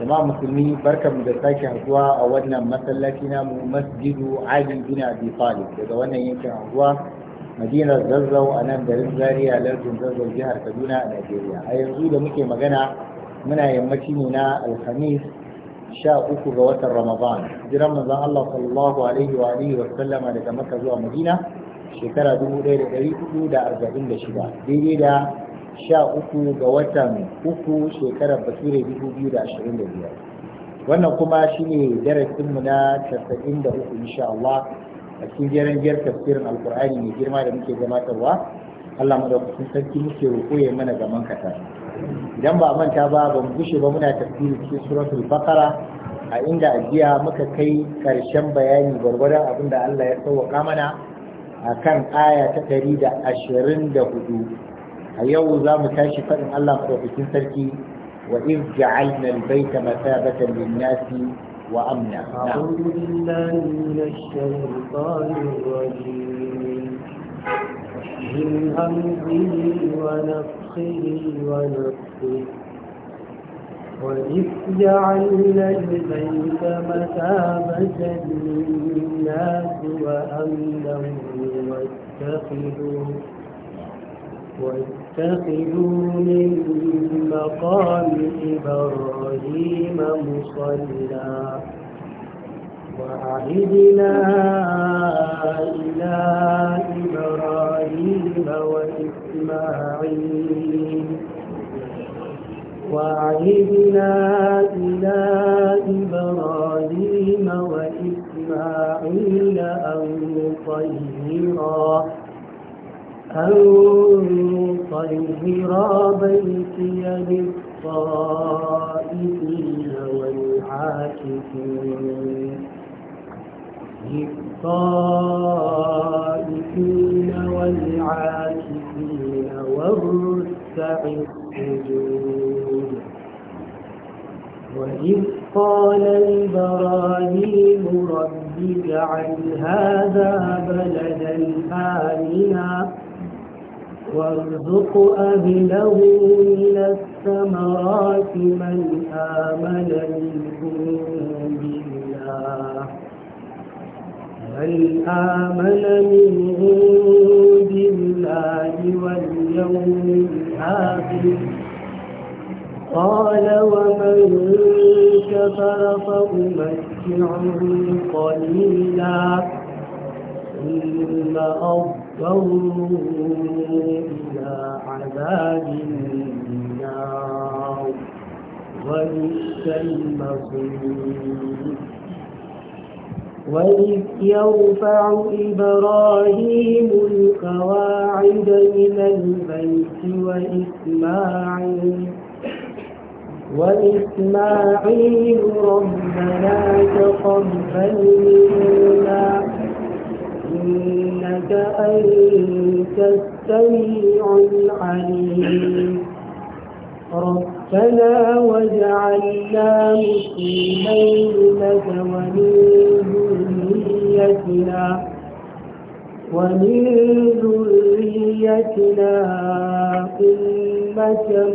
jama'a musulmi barkamu da sake haduwa a wannan masallaci namu masjidu ali bin abi talib daga wannan yankin anguwa madinar zazzau a nan garin zaria lardin zazzau jihar kaduna a najeriya a yanzu da muke magana muna yammaci ne na alhamis sha uku ga watan ramadan jiran manzon allah sallallahu alaihi wa alihi wa sallama daga makka zuwa madina shekara dubu ɗaya da ɗari hudu da arba'in da shida daidai da sha uku ga watan uku shekarar bature dubu biyu da ashirin da biyar wannan kuma shine darasinmu na casa'in da uku insha Allah a cikin jeren tafsirin alkur'ani mai girma da muke gabatarwa Allah madaukakin sarki muke roƙo ya mana gaman kasa idan ba manta ba ba mu gushe ba muna tafsiri cikin suratul bakara a inda ajiya muka kai karshen bayani gwargwadon abin da Allah ya sauwaka mana akan aya ta ɗari da ashirin da hudu هيو زام كاشي فإن الله خوفتين تركي وإذ جعلنا البيت مثابة للناس وأمنا أعوذ بالله من الشيطان الرجيم من همزه ونفخه ونفخه وإذ جعلنا البيت مثابة للناس وأمنا واتخذوا واتخذوا من مقام إبراهيم مصلى وعهدنا إلى إبراهيم وإسماعيل وعهدنا إلى إبراهيم وإسماعيل أن طهرا أن طهر بيتي للطائفين والعاكفين للطائفين والعاكفين والركع السجود وإذ قال إبراهيم رب اجعل هذا بلدا آمنا وارزق أهله من الثمرات من آمن منهم بالله من آمن منهم بالله واليوم الآخر قال ومن كفر فأمتعه قليلا ثم أضل فانظروا إلى عذاب النار وبئس المصير وإذ يرفع إبراهيم القواعد من البيت وإسماعيل وإسماعيل ربنا تقبل منا إنك أنت السميع العليم ربنا واجعلنا مسلمين لك ومن ذريتنا ومن ذريتنا أمة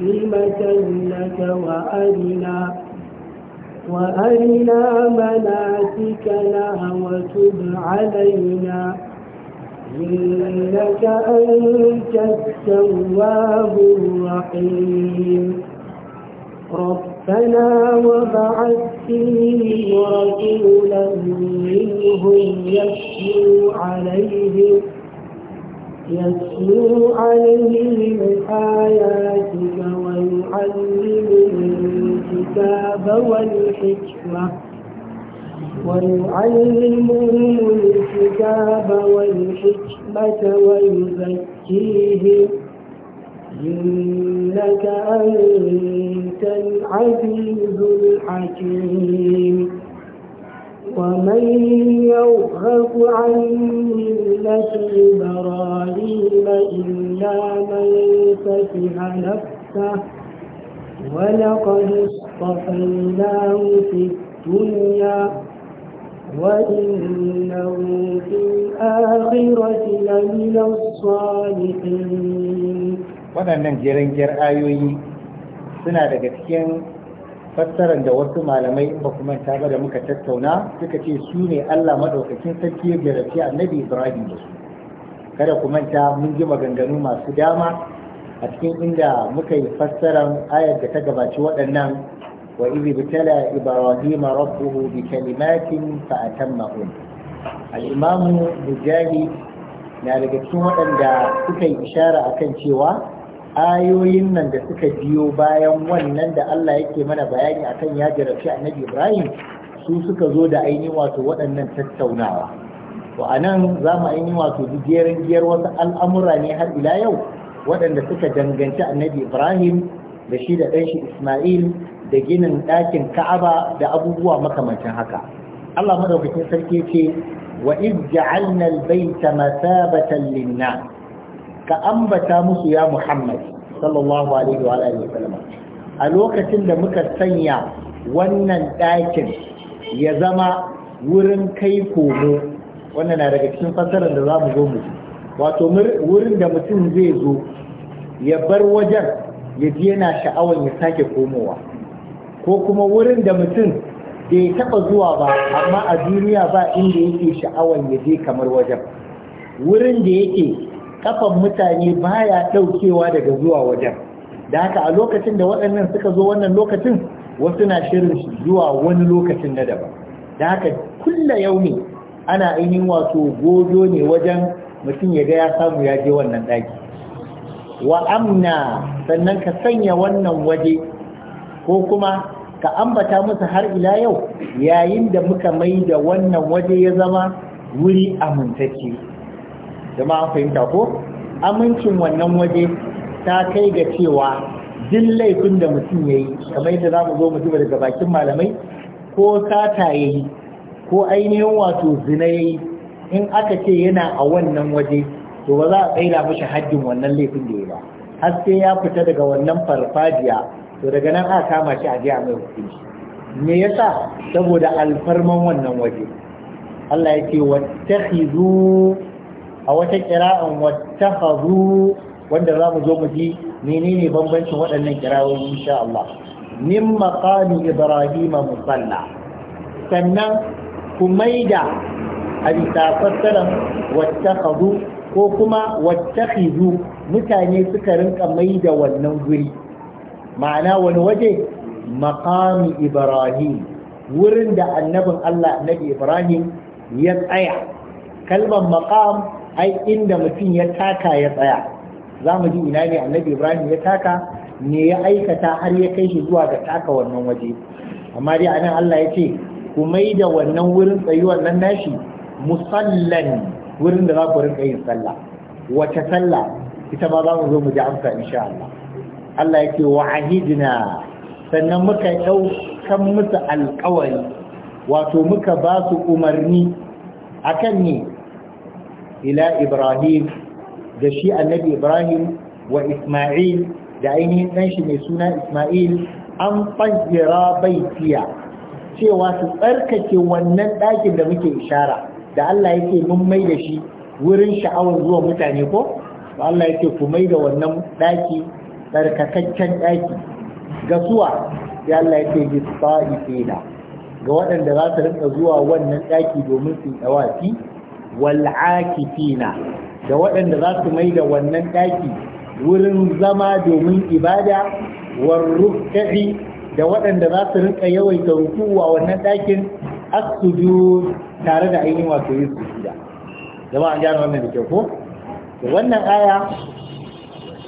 مسلمة لك وأرنا وأرنا مناسكنا وتب علينا إنك أنت التواب الرحيم ربنا وبعث فيهم رسولا منهم يتلو عليهم يتلو عليهم آياتك ويعلمهم الكتاب والحكمة ويعلمهم الكتاب والحكمة ويزكيهم إنك أنت العزيز الحكيم ومن يوهق عن ملة إبراهيم إلا من سفه نفسه ولقد اصطفيناه في الدنيا وإنه في الآخرة لمن الصالحين waɗannan jerin ayoyi suna daga cikin fassarar da wasu malamai ba ku manta ba da muka tattauna suka ce su ne Allah madaukakin sarki ya jarabci annabi Ibrahim da su kada ku manta mun ji maganganu masu dama a cikin inda muka yi fassarar ayar da ta gabaci waɗannan wa izi bitala ibrahim rabbuhu bi kalimatin fa atammahum al-imam mujahid na daga cikin waɗanda suka yi ishara akan cewa ayoyin nan da suka biyo bayan wannan da Allah yake mana bayani akan ya jarabci annabi Ibrahim su suka zo da ainihin wato waɗannan tattaunawa to anan za mu ainihin wato jerin giyar wasu al'amura ne har ila yau waɗanda suka danganci annabi Ibrahim da shi da shi Ismail da ginin ɗakin Ka'aba da abubuwa makamancin haka Allah madaukakin sarki ce wa iz ja'alna al-bayta masabatan lin-nas ka ambata musu ya Muhammad sallallahu alaihi wa alihi wasallam a lokacin da muka sanya wannan ɗakin ya zama wurin kai komo wannan na daga cikin fassarar da za mu zo mu wato wurin da mutum zai zo ya bar wajen ya ji yana sha'awar ya sake komowa ko kuma wurin da mutum bai taɓa zuwa ba amma a duniya ba inda yake sha'awar ya je kamar wajen wurin da yake kafan mutane baya ɗaukewa daga zuwa wajen da haka a lokacin da waɗannan suka zo wannan lokacin wasu na shirin zuwa wani lokacin na daban da haka kulla yaumi ana ainihin wato gojo ne wajen mutum ya ga ya samu ya je wannan ɗaki wa amna sannan ka sanya wannan waje ko kuma ka ambata musu har ila yau yayin da muka mai da wannan waje ya zama wuri amintacce jama'a fahimta ko amincin wannan waje ta kai ga cewa duk laifin da mutum ya yi kamar yadda za mu zo mu duba daga bakin malamai ko sata ya yi ko ainihin wato zina ya yi in aka ce yana a wannan waje to ba za a tsaira mashi haddin wannan laifin da ya ba har sai ya fita daga wannan farfajiya to daga nan a kama shi a je a mai hukunci me yasa saboda alfarman wannan waje Allah ya ce wattakhidhu a wata kira'an wata hazu wanda za mu zo mu ji menene bambancin waɗannan kirawoyi insha Allah min maqami ibrahima musalla sannan kumaida maida a wata hazu ko kuma wata hizu mutane suka rinka maida wannan guri ma'ana wani waje maqami ibrahim wurin da annabin Allah annabi ibrahim ya tsaya kalmar maqam ai inda mutum ya taka ya tsaya za mu ji ina ne annabi ibrahim ya taka ne ya aikata har ya kai shi zuwa ga taka wannan waje amma dai anan allah ya ce ku mai da wannan wurin tsayuwar nan nashi musallan wurin da za ku rinka yin sallah wace sallah ita ma za mu zo mu ji amsa insha allah allah ya ce wa ahidina sannan muka ɗaukan musu alkawari wato muka ba su umarni akan ne ila ibrahim da shi annabi ibrahim wa isma'il da ainihin ɗan shi mai suna isma'il an fajjira baitiya cewa su tsarkake wannan ɗakin da muke ishara da Allah yake mun mai da shi wurin sha'awar zuwa mutane ko ba Allah yake ku mai da wannan ɗaki tsarkakaccen ɗaki ga suwa ya Allah yake bi fa'ifina ga waɗanda za su rinka zuwa wannan ɗaki domin su yi ɗawafi wal'akifina da waɗanda za su mai da wannan ɗaki wurin zama domin ibada warrukka'i da waɗanda za su rinka yawaita rukuwa wannan ɗakin asuju tare da ainihin wato yin sujuda zama an gane wannan da kyau ko da wannan aya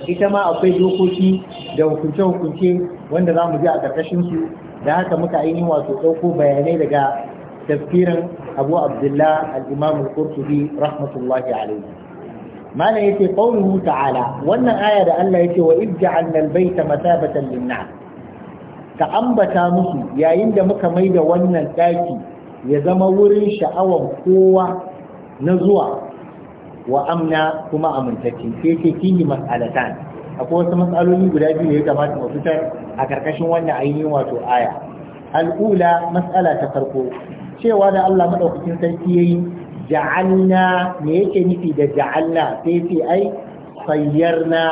ita ma akwai dokoki da hukunce-hukunce wanda za mu ji a ƙarƙashin su da haka muka ainihin wato ɗauko bayanai daga tafsirin abu abdullah al-imam al-qurtubi rahmatullahi alayhi Malam yace ta Ala. wannan aya da Allah yace wa ij'alna al bai ta lin-nas ka ambata musu yayin da muka maida wannan ɗaki ya zama wurin sha'awan kowa na zuwa wa amna kuma amintacce sai ce kini mas'alatan akwai wasu mas'aloli guda biyu da ya kamata mu fitar a karkashin wannan ainihin wato aya al'ula mas'ala ta farko cewa da Allah maɗaukakin sarki yayi ja'alna me yake nufi da ja'alna sai sai ai na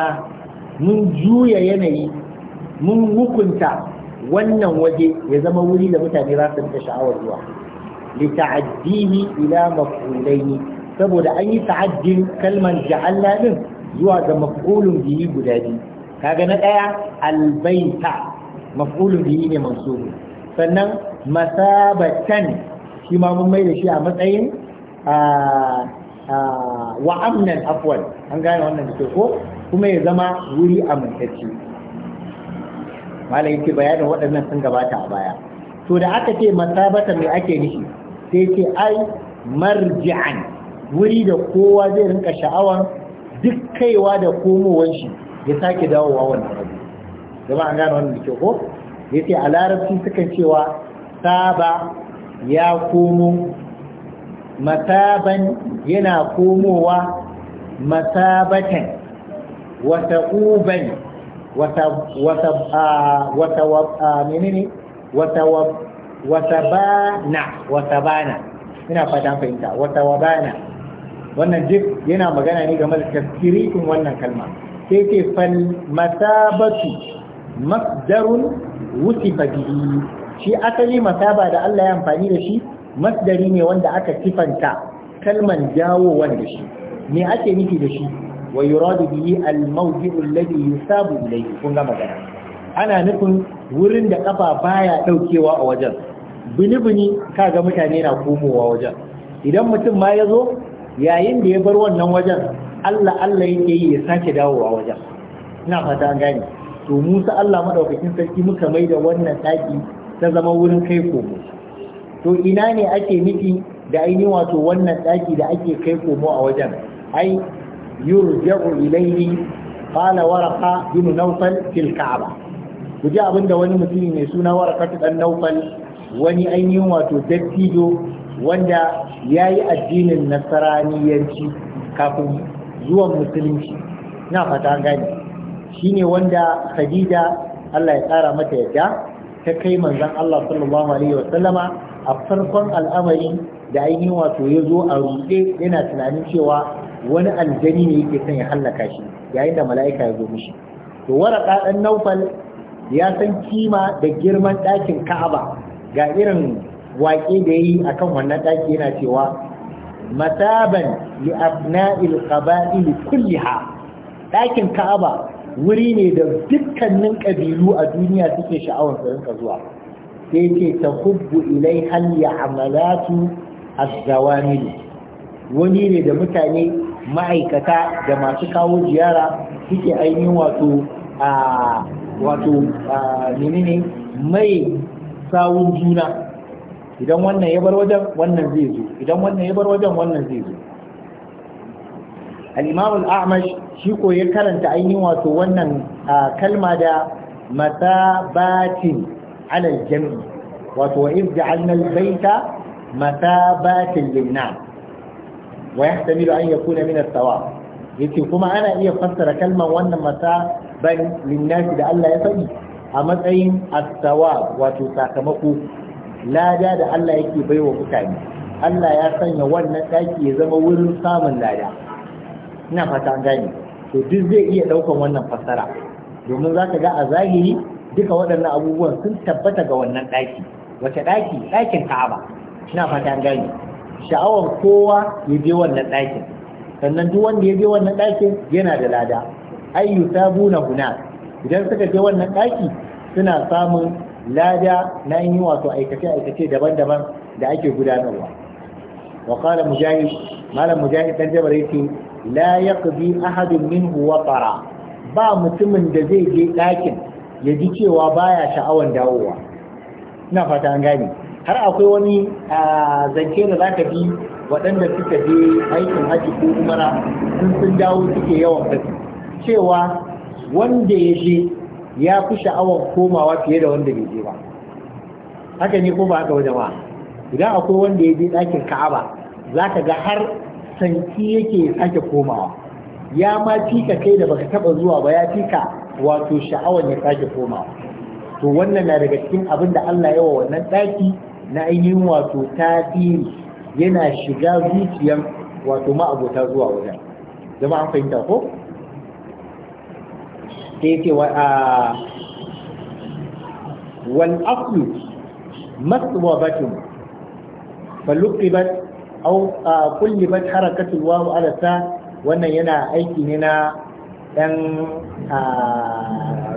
mun juya yanayi mun hukunta wannan waje ya zama wuri da mutane za su rika sha'awar zuwa li ta'addihi ila maf'ulaini saboda an yi ta'addin kalman ja'alna din zuwa ga maf'ulun bihi guda biyu kaga na daya albaita maf'ulun bihi ne mansubu sannan masabatan shi ma mun mai da shi a matsayin wa amnan afwal an gane wannan da ko kuma ya zama wuri amintacce malam yake bayanin waɗannan sun gabata a baya to da aka ce masabata mai ake nishi sai ce ai marji'an wuri da kowa zai rinka sha'awan duk kaiwa da komowar shi ya sake dawowa wannan abu zama an gane wannan da ke ko ya ce a larabci sukan cewa saba ya komo masaban yana komowa masabatan wata uban wata wata wata menene wata wata bana wata bana ina fatan fahimta wata wabana wannan duk yana magana ne game da tafkirikin wannan kalma sai ce fal masabatu masdarun wusifa bihi shi asali masaba da Allah ya amfani da shi masdari ne wanda aka sifanta kalman jawo wanda shi me ake nufi da shi wa yuradu bihi al-mawdi'u alladhi yusabu ilayhi kun ga magana ana nufin wurin da kafa baya daukewa a wajen bini-bini kaga mutane na komowa wajen idan mutum ma ya zo yayin da ya bar wannan wajen Allah Allah yake yi ya sake dawowa wajen ina fata an gane to Musa Allah madaukakin sarki muka mai da wannan daki ta zama wurin kai komo to ina ne ake nufi da ainihin wato wannan ɗaki da ake kai komo a wajen ai yurja'u ilayhi qala waraqa bin nawfal fil ka'aba ku ji abin da wani mutumi mai suna waraka dan nawfal wani ainihin wato dattijo wanda ya yi addinin nasaraniyanci kafin zuwan musulunci na fata gani shine wanda khadija Allah ya tsara mata yadda ta kai manzon Allah sallallahu alaihi wa a farkon al'amari da ainihin wato ya zo a ruɗe yana tunanin cewa wani aljani ne yake son ya hallaka shi yayin da mala'ika ya zo mishi to waraka dan naufal ya san kima da girman ɗakin ka'aba ga irin waƙe da yi akan wannan ɗaki yana cewa mataban li abna'il qaba'il kulliha ɗakin ka'aba wuri ne da dukkanin ƙabilu a duniya suke sha'awar su rinka zuwa sai ce ta hubbu ilai hal ya amalatu ne. wani ne da mutane ma'aikata da masu kawo ziyara suke ainihin wato a wato menene mai sawun juna idan wannan ya bar wajen wannan zai zo idan wannan ya bar wajen wannan zai zo al-imam amash shi ko ya karanta ainihin wato wannan kalma da "mata-batin" alal jami wato wa iz ja'alna al-baita mathabatin lin-nas wa yahtamilu an yakuna min as-sawab yace kuma ana iya fassara kalmar wannan mathaban lin-nas da Allah ya faɗi a matsayin as wato sakamako lada da Allah yake bai wa mutane Allah ya sanya wannan daki ya zama wurin samun lada ina fata an gane to duk zai iya ɗaukan wannan fassara domin za ka ga a zahiri duka waɗannan abubuwan sun tabbata ga wannan ɗaki wace ɗaki ɗakin ka'aba ina fata an gane sha'awar kowa ya je wannan ɗakin sannan duk wanda ya je wannan ɗakin yana da lada sabuna guna idan suka je wannan ɗaki suna samun lada na yi wato aikace-aikace daban-daban da ake gudanarwa wa kala mujahid malam mujahid dan jabar la yaqdi ahadun minhu watara ba mutumin da zai je ɗakin ya ji cewa baya sha'awan dawowa ina fata gane har akwai wani zance da zaka bi waɗanda suka je aikin haji ko umara sun sun dawo suke yawan fasi cewa wanda ya je ya fi sha'awar komawa fiye da wanda bai je ba haka ne ko ba haka wajen ba idan akwai wanda ya je ɗakin ka'aba za ka ga har sanki yake sake komawa ya ma fika kai da baka taba zuwa ba ya fika wato sha'awar ya sake komawa to wannan na daga cikin abin da Allah yawa wannan ɗaki na ainihin wato tasiri yana shiga zuciyan wato ma'abota zuwa wajen zama an fahimta ko sai ce wa a wal aqlu maswabatun faluqibat au kullibat harakatul wawu ala ta wannan yana aiki ne na dan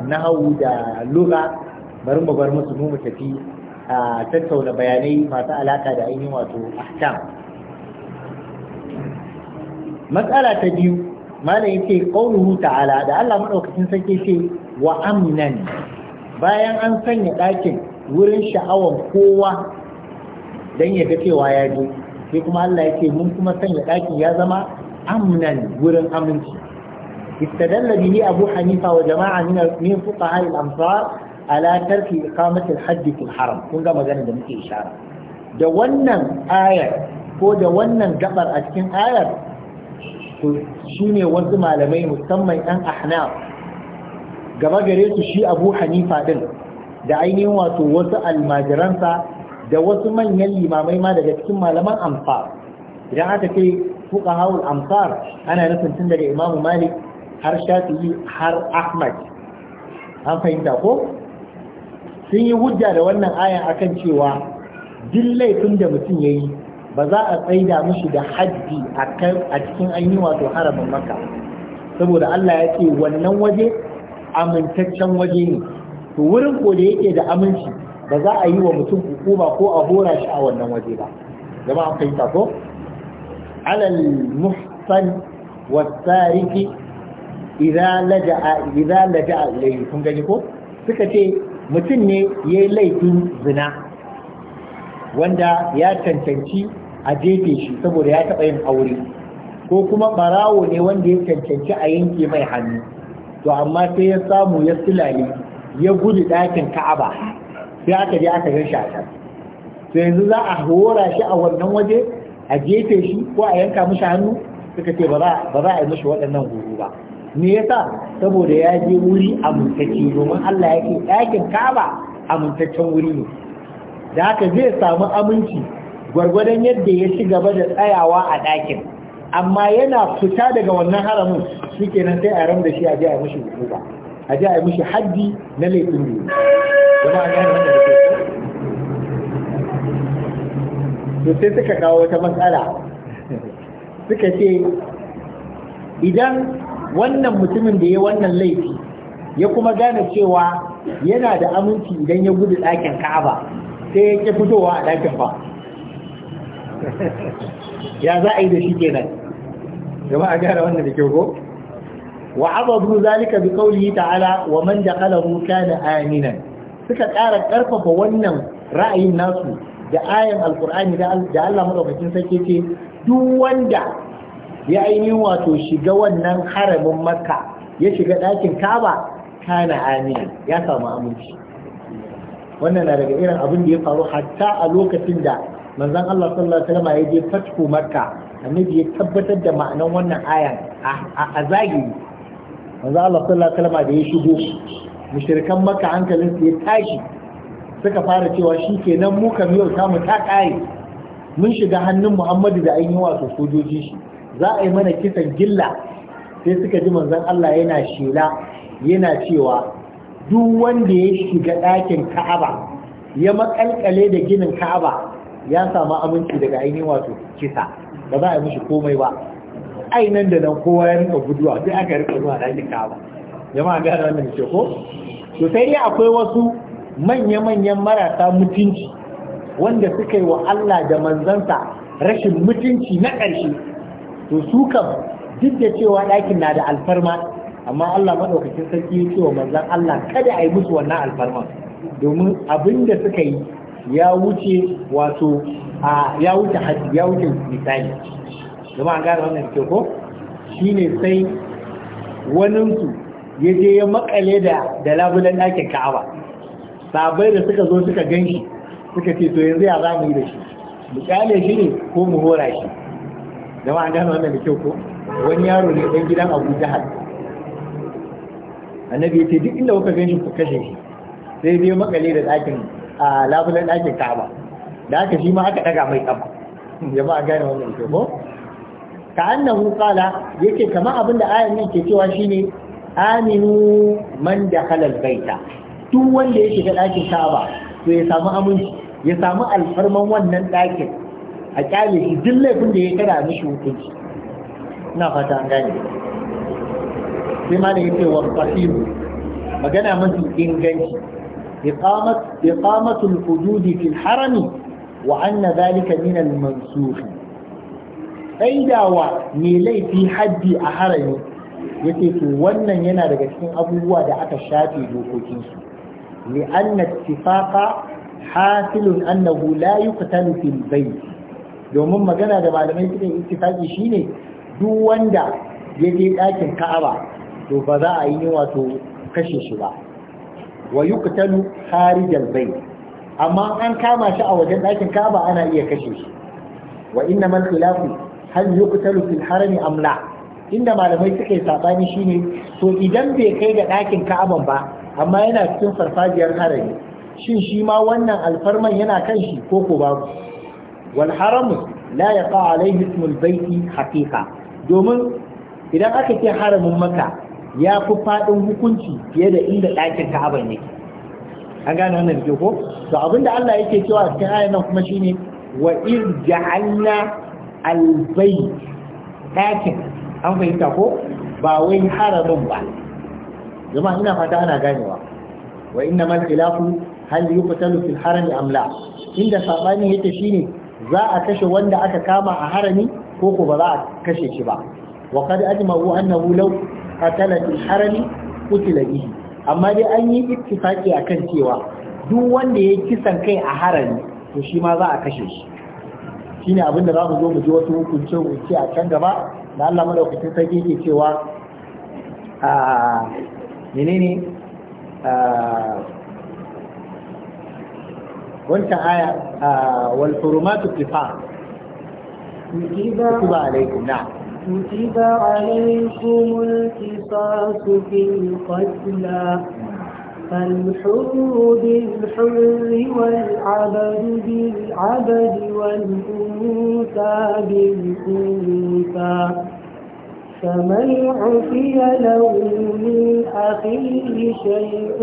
nahawu da lura bari mu bar musu mu tafi a tattauna bayanai masu alaka da ainihin wato ahkam matsala ta biyu malam yake qauluhu ta'ala da Allah madaukakin sarki ce wa amnan bayan an sanya ɗakin wurin sha'awan kowa don ya ga cewa ya je sai kuma Allah yake mun kuma sanya ɗakin ya zama amnan wurin aminci istadalla bihi abu hanifa wa jama'a min min fuqaha al-amsar ala tarki iqamati al-hajj fil haram kun ga magana da muke ishara da wannan ayar ko da wannan gabar a cikin ayar to shine wasu malamai musamman ɗan ahnaf gaba gare su shi abu hanifa din da ainihin wato wasu almajiransa da wasu manyan limamai ma daga cikin malaman amfar idan aka ce fuka hawul amfar ana nufin tun daga imamu malik har shafi'i har ahmad an fahimta ko sun yi hujja da wannan ayan akan cewa duk laifin da mutum ya yi ba za a tsaida mushi da hajji a cikin yi wato haramin maka saboda Allah ya ce wannan waje amintaccen waje ne to wurin ko da yake da aminci ba za a yi wa mutum hukuma ko a hora shi a wannan waje ba zama an fahimta ko alal muhsan wasariki idan laja idan laja'a gani ko suka ce mutum ne ya yi laifin zina wanda ya cancanci a jefe shi saboda ya taɓa yin aure ko kuma ɓarawo ne wanda ya cancanci a yanke mai hannu to amma sai ya samu ya silale ya gudu ɗakin ka'aba sai aka je aka gan shi a to yanzu za a hora shi a wannan waje a jefe shi ko a yanka mishi hannu suka ce ba za a yi mishi waɗannan gugu ba me yasa saboda ya je wuri amintacce domin Allah ya ce ɗakin kaba amintaccen wuri ne da haka zai samu aminci gwargwadon yadda ya ci gaba da tsayawa a ɗakin amma yana fita daga wannan haramin shi kenan sai a ram da shi a je a mishi hukuma a ji a yi mishi haddi na laifin biyu jama'a gane wanda da ke so sai suka kawo wata matsala suka ce idan wannan mutumin da ya wannan laifi ya kuma gane cewa yana da aminci idan ya gudu ɗakin ka'aba sai ya ƙi fitowa a ɗakin ba ya za a yi da shi kenan a gara wannan da kyau ko wa abadu zalika bi qawlihi ta'ala wa man daqalahu kana aminan suka ƙara ƙarfafa wannan ra'ayin nasu da ayan alqur'ani da Allah madaukakin sarki ce duk wanda ya ainihin wato shiga wannan haramin makka ya shiga ɗakin kaba kana aminan ya samu aminci wannan na daga irin abin da ya faru hatta a lokacin da manzon Allah sallallahu alaihi wasallam ya je fatku makka annabi ya tabbatar da ma'anan wannan ayan a zahiri manzo Allah sallallahu alaihi wasallam da ya shigo mushrikan maka hankalin su ya tashi suka fara cewa shi kenan mu kam yau samu ta mun shiga hannun Muhammadu da an yi wato sojoji shi za a yi mana kisan gilla sai suka ji manzon Allah yana shela yana cewa duk wanda ya shiga ɗakin Ka'aba ya makalkale da ginin Ka'aba ya samu aminci daga ainihin wato kisa ba za a yi mishi komai ba ainihin da nan kowa ya rika guduwa sai aka rika zuwa ɗakin kaba jama'a gane wannan ce ko to sai ne akwai wasu manya-manyan marasa mutunci wanda suka yi wa Allah da manzansa rashin mutunci na ƙarshe to su kam duk da cewa ɗakin na da alfarma amma Allah maɗaukacin sarki ya ce wa manzan Allah kada a yi musu wannan alfarma domin abin da suka yi ya wuce wato ya wuce hajji ya wuce misali zama an gane wannan ke ko shi ne sai waninsu ya je ya makale da da labulan ɗakin ka'aba sabai da suka zo suka gan shi suka ce to yanzu ya zama yi da shi mu kyale shi ne ko mu hora shi zama an gane wannan ke ko wani yaro ne ɗan gidan abu jihar annabi ya ce duk inda kuka gan shi ku kashe shi sai je makale da ɗakin a labulan ɗakin ka'aba da haka shi ma aka ɗaga mai ƙafa jama'a gane wannan ke ko ka annahu qala yake kamar abin da ayan nan ke cewa shine aminu man dakhala albayta duk wanda ya shiga ɗakin Ka'aba to ya samu aminci ya samu alfarman wannan ɗakin a kyale shi duk laifin da ya kada mishi hukunci ina fata an gane sai ma da yake wa fasimu magana mafi inganci إقامة إقامة الحدود في الحرم وأن ذلك من المنسوخ wa mai laifi haddi a harami yace to wannan yana daga cikin abubuwa da aka shafe dokokinsu li'anna ittifaqa hasilun annahu la yuqtalu fil bayt domin magana da malamai suka yi ittifaqi shine duk wanda ya je ɗakin Ka'aba to ba za a yi wato kashe shi ba wa yuqtalu kharijal bayt amma an kama shi a wajen ɗakin Ka'aba ana iya kashe shi wa innamal khilafu hal yuqtalu fil harami am inda malamai suke sabani shine to idan bai kai ga ɗakin ka'aban ba amma yana cikin farfajiyar harami shin shi ma wannan alfarman yana kan shi ko ko babu wal haramu la yaqa alayhi ismul baiti haqiqa domin idan aka ce haramin maka ya fi faɗin hukunci fiye da inda ɗakin ka'aban yake an gane wannan ke ko to abinda Allah yake cewa a cikin ayan nan kuma shine wa iz ja'alna albai ɗakin an fahimta ko ba wai haramin ba zama ina fata ana ganewa wa inna mal khilafu hal yuqtalu fil harami am la inda sabani yake shine za a kashe wanda aka kama a harami ko ko ba za a kashe shi ba wa qad ajma'u annahu law qatala fil harami qutila bihi amma dai an yi a akan cewa duk wanda ya kisan kai a harami to shi ma za a kashe shi shine abin da za mu zo mu ji wasu hukunce hukunce a can gaba da Allah madaukakin sarki ke cewa a menene wancan aya wal furumatu kifa kutiba alaikum na kutiba alaikum alqisas fil qatla فالحر بالحر والعبد بالعبد والأنثى بالأنثى فمن عفي له من أخيه شيء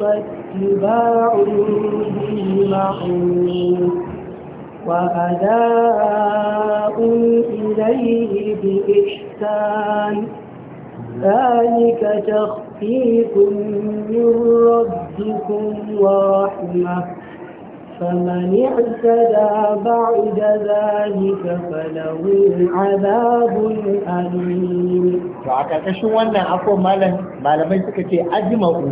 فاتباع بالمعروف وأداء إليه بإحسان ذلك تخفيف من ربكم ورحمة فمن اعتدى بعد ذلك فله عذاب أليم فعكاكشن وانا أقول مالا مالا ما يسكتي أجمعوا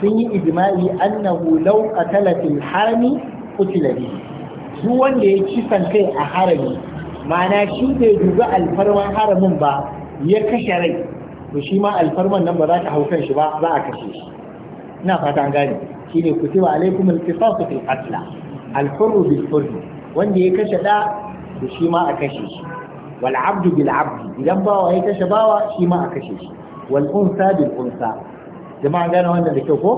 sun yi ijma'i annahu law qatala fil harami qutila duk wanda ya kisan kai a harami ma'ana shi bai duba alfarman haramin ba ya kashe rai to shi ma alfarman nan ba za ka hau kan shi ba za a kashe shi ina fata an gane Shi ne kutiba alaikum al-qisasu fil qatl al-hurru bil hurri wanda ya kashe da to shi ma a kashe shi wal abdu bil abdi idan bawa ya kashe bawa shi ma a kashe shi wal unsa bil unsa jama'a gane wannan da kyau ko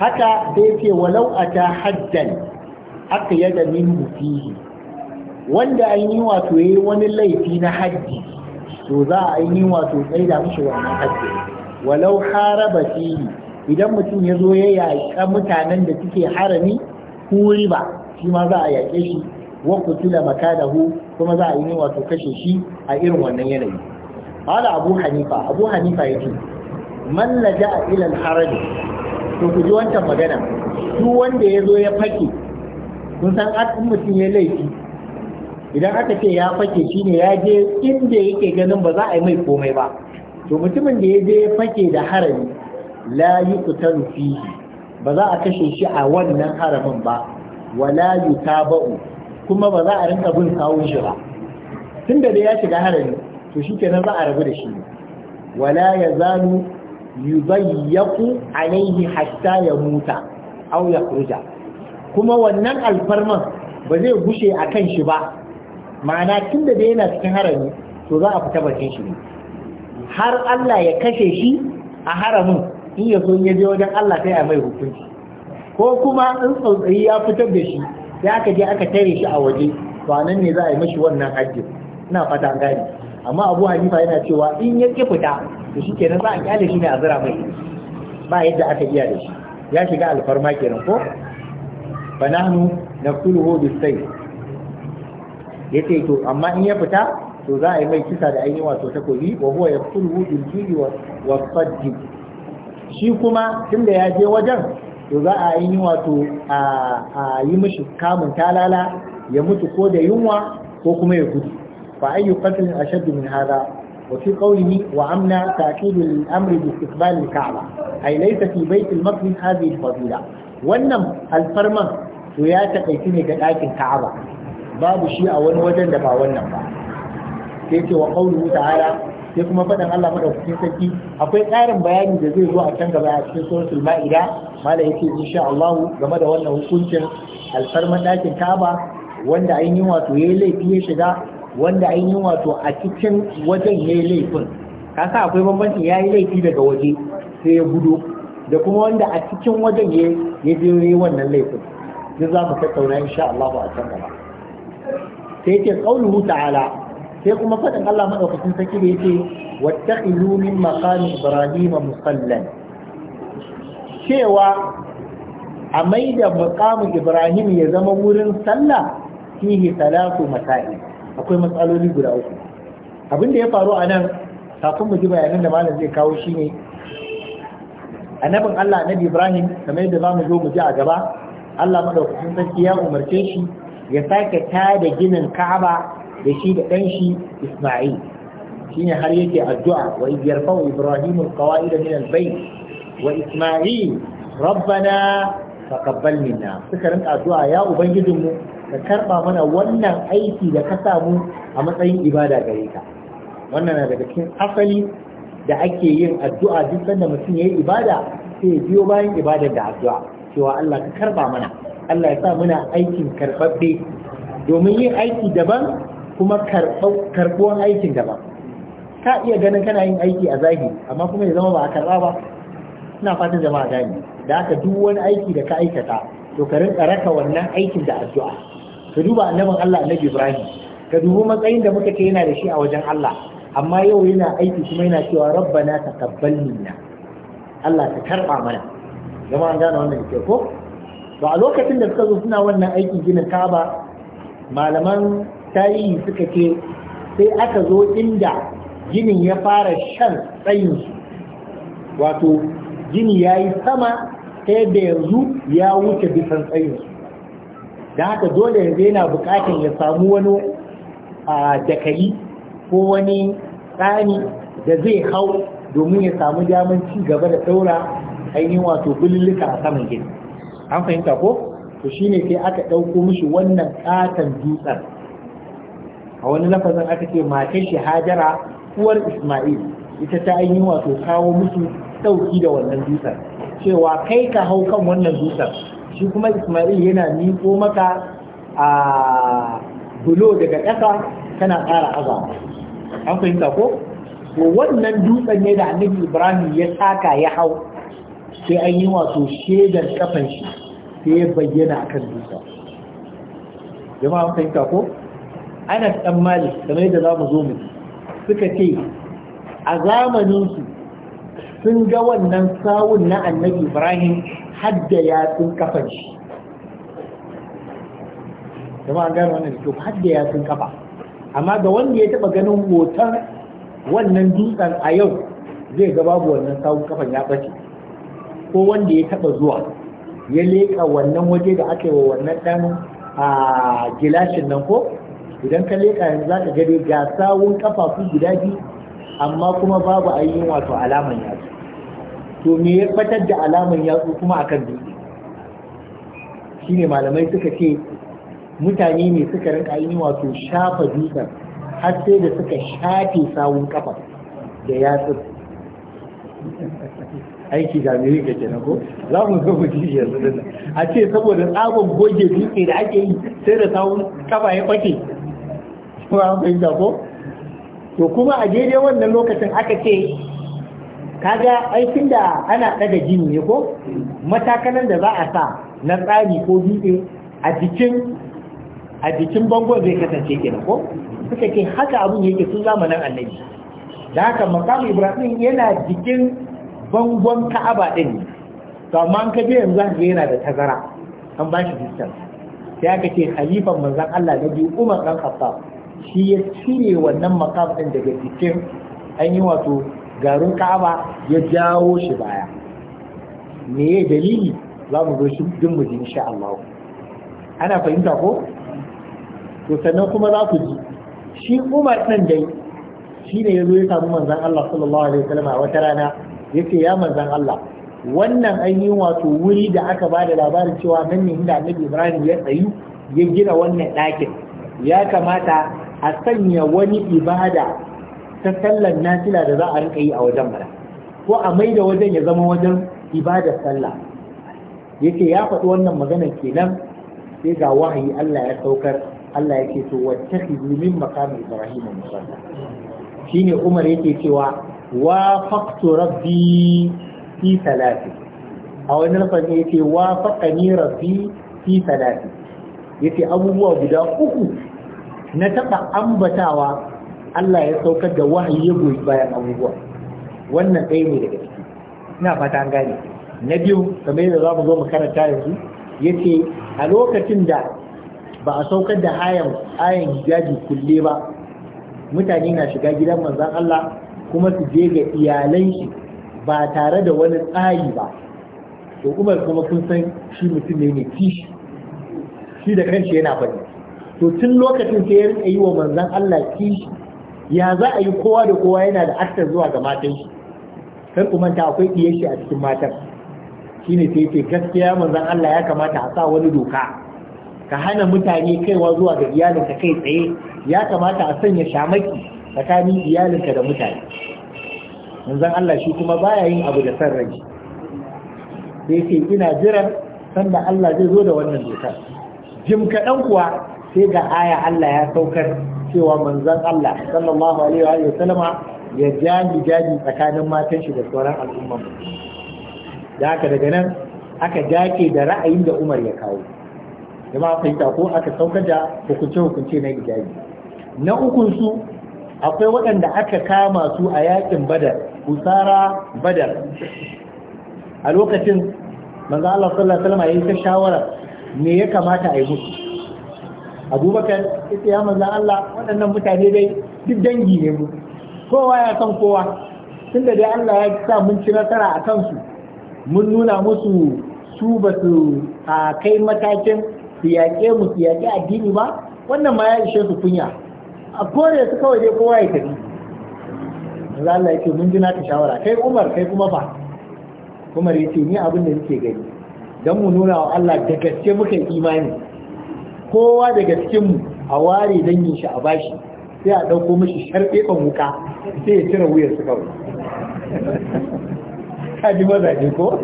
haka sai ce walau ata haddan aka yada min fihi wanda an yi wato ya yi wani laifi na haddi to za a ainihin wato da mishi wannan haƙƙi walau haraba fihi idan mutum ya zo ya yaƙa mutanen da suke harami huri riba, shi ma za a yaƙe shi wa kutula makanahu kuma za a yi wato kashe shi a irin wannan yanayi qala abu hanifa abu hanifa yace man laja ila al-haraj to ku ji wancan magana duk wanda ya zo ya fake kun san in mutum ya laifi idan aka ce ya fake shine ya je inda yake ganin ba za a yi mai komai ba to mutumin da ya je ya fake da harami la yuqtalu fihi ba za a kashe shi a wannan haramin ba wala yutaba'u kuma ba za a rinka bin kawun shi ba tunda da ya shiga harami to shikenan za a rabu da shi wala zanu yubayyaku alaihi hatta ya muta aw yakhruja kuma wannan alfarman ba zai gushe a kan shi ba ma'ana tun da yana cikin harami to za a fita bakin shi ne har Allah ya kashe shi a haramin in ya so ya je wajen Allah sai a mai hukunci ko kuma in tsautsayi ya fitar da shi sai aka je aka tare shi a waje to nan ne za a yi mashi wannan hajji ina fata gani amma Abu Hanifa yana cewa in ya ki fita to shi kenan za a kyale shi ne a zira mai ba yadda aka iya da shi ya shiga alfarma kenan ko fa nahnu naqtuluhu bis ya ce to amma in ya fita to za a yi mai kisa da ainihin wato ta koli wa huwa ya kulhu bil wa fadji shi kuma tun da ya je wajen to za a yi wato a yi mishi kamun talala ya mutu ko da yunwa ko kuma ya gudu fa ayyu qatlin ashadd min hadha wa fi qawlihi wa amna ta'kid al amr bi istiqbal al ka'ba ay laysa fi bayt al maqdis hadhihi al wannan alfarman farman to ya takaici ne ga dakin ka'aba babu shi a wani wajen da ba wannan ba sai ce wa qawluhu ta'ala sai kuma faɗin Allah madaukakin sarki akwai ƙarin bayani da zai zo a can gaba a cikin suratul ma'ida mala yake insha Allah game da wannan hukuncin alfarman ɗakin Ka'aba wanda ainihin wato yayi laifi ya shiga wanda ainihin wato a cikin wajen yayi laifin kasa akwai bambanci yayi laifi daga waje sai ya gudu da kuma wanda a cikin wajen ya je yayi wannan laifin duk za mu tattauna insha Allah a can gaba sai yake kauluhu ta'ala sai kuma fadin Allah madaukakin sarki da yake wattaqilu min maqami ibrahima musallan cewa a maida maqamin ibrahim ya zama wurin sallah fihi salatu masail akwai matsaloli guda uku abin da ya faru a nan kafin mu ji bayanan da malam zai kawo shine annabin Allah annabi Ibrahim kamar yadda zamu zo mu ji a gaba Allah madaukakin sarki ya umarce shi ya sake ta da ginin ka'aba da shi da ɗan shi isma'il shine har yake addu'a wa idh yarfa'u ibrahimu alqawa'ida min albayt wa isma'il rabbana taqabbal minna suka rinka addu'a ya ubangijinmu ka karɓa mana wannan aiki da ka samu a matsayin ibada gare ka wannan na daga cikin asali da ake yin addu'a duk sanda mutum ya yi ibada sai ya biyo bayan ibadar da addu'a cewa Allah ka karɓa mana Allah ya sa muna aikin karɓaɓɓe domin yin aiki daban kuma karɓuwan aikin daban ka iya ganin kana yin aiki a zahiri amma kuma ya zama ba a karɓa ba ina fatan jama'a gani da haka duk wani aiki da ka aikata to ka rinka raka wannan aikin da addu'a ka duba annabin Allah annabi Ibrahim ka dubi matsayin da muka ce yana da shi a wajen Allah amma yau yana aiki kuma yana cewa rabbana taqabbal minna Allah ka karba mana jama'an gane wannan ke ko to a lokacin da suka zo suna wannan aikin gina kaba malaman tarihi suka ce sai aka zo inda ginin ya fara shan tsayin su wato gini ya yi sama ta yadda yanzu ya wuce bisan tsayin su da haka dole yanzu yana bukatan ya samu wani dakali ko wani tsani da zai hau domin ya samu daman ci gaba da saura ainihin wato bululluka a saman gini an fahimta ko to shine sai aka ɗauko mishi wannan ƙaton dutsen a wani lafazin aka ce matar shi hajara uwar isma'il ita ta ainihin wato kawo musu sauki da wannan dutsen cewa kai ka hau kan wannan dutsen shi kuma isma'il yana miƙo maka a bulo daga ƙasa tana ƙara azama an fahimta ko to wannan dutsen ne da annabi ibrahim ya saka ya hau sai an yi wato shaidar kafan shi sai ya bayyana akan dusa jama'a mun yi ko Anas dan mali, kamar yadda zamu zo mu suka ce a zamanin su sun ga wannan sawun na Annabi Ibrahim hadda yatsun kafan shi jama'a gane wannan da kyau hadda yatsun kafa amma ga wanda ya taba ganin hoton wannan dutsen a yau zai ga babu wannan sawun kafan ya bace ko wanda ya taɓa zuwa ya leƙa wannan waje da aka yi wa wannan ɗan a gilashin nan ko idan ka leƙa yanzu za ka gani ga sawun kafafu guda biyu amma kuma babu ainihin wato alaman yatsu to me ya fatar da alaman yatsu kuma a akan dutse shine malamai suka ce mutane ne suka rinka ainihin wato shafa dutsen har sai da suka shafe sawun kafa da yatsu aiki da amerika kenan ko za mu zo mu ji yanzu din a ce saboda tsabon goge dutse da ake yi sai da sawun kaba ya kwace ba an fahimta ko to kuma a daidai wannan lokacin aka ce kaga aikin da ana ɗaga jini ne ko matakanan da za a sa na tsari ko dutse a jikin a jikin bangon zai kasance kenan ko suka ce haka abun yake sun zamanin annabi da haka makamu ibrahim yana jikin bangon ka'aba din to amma an ka je yanzu ga yana da tazara an ba shi distance sai aka ce khalifan manzon Allah na biyu Umar dan Khattab shi ya cire wannan makam din daga cikin an yi wato garin ka'aba ya jawo shi baya me ya dalili za mu zo shi din mu insha Allah ana fahimta ko to sannan kuma za ku ji shi Umar ɗin dai shi ne ya zo ya samu manzon Allah sallallahu alaihi wasallam a wata rana ce ya manzan Allah wannan ainihin wato wuri da aka ba da labarin cewa nan ne inda annabi Ibrahim ya tsayu ya gina wannan ɗakin ya kamata a sanya wani ibada ta sallar nafila da za a rika yi a wajen mara ko a maida wajen ya zama wajen ibadar sallah ce ya faɗi wannan magana kenan sai ga wahayi Allah ya saukar Allah yake to wacce min maqami Ibrahim musalla shine Umar yake cewa وافقت ربي في ثلاثة أو أن لفظ يتي وافقني ربي في ثلاثة يتي أبوه بدا أكو نتبع أنبتاوا Allah ya saukar da wahayi goyi bayan abubuwa wannan ɗaya ne daga ciki ina fata an gane na biyu kamar yadda za mu zo mu karanta yanzu yace a lokacin da ba a saukar da hayan ayan kulle ba mutane na shiga gidan manzon Allah kuma su je ga iyalan shi ba tare da wani tsari ba to kuma kuma kun san shi mutum ne mai kishi shi da kanshi yana faɗi to tun lokacin sai ya rika yi wa manzon Allah kishi ya za a yi kowa da kowa yana da aktar zuwa ga matan shi kar ku manta akwai ɗiyar shi a cikin matan ne sai ce gaskiya manzon Allah ya kamata a sa wani doka ka hana mutane kaiwa zuwa ga iyalinka kai tsaye ya kamata a sanya shamaki tsakanin iyalinka da mutane manzon Allah shi kuma baya yin abu da san rai sai yake ina jiran sanda Allah zai zo da wannan dokar jim kaɗan kuwa sai ga aya Allah ya saukar cewa manzon Allah sallallahu alaihi wa sallama ya jaji jaji tsakanin matan shi da sauran al'umma da haka daga nan aka jake da ra'ayin da Umar ya kawo jama'a fahimta ko aka saukar da hukunce hukunce na gidaje na ukun su akwai waɗanda aka kama su a yakin badar kusara badar a lokacin manzo Allah sallallahu alaihi wasallam yayin shawara me ya kamata a yi musu Abubakar ita ya manzo Allah waɗannan mutane dai duk dangi ne mu kowa ya san kowa tunda dai Allah ya sa mun ci nasara a kansu mun nuna musu su ba su kai matakin su yaƙe mu su yaƙe addini ba wannan ma ya ishe su kunya a kore su kawai dai kowa ya tafi za Allah ya ce mun jina ta shawara kai Umar kai kuma fa Umar ya ce ni abin da nake gani dan mu nuna wa Allah da gaske muka imani kowa da gaskinmu mu a ware dangin shi a bashi sai a ɗauko mashi sharɓeɓen wuka sai ya cire wuyar su kawai maza mazaje ko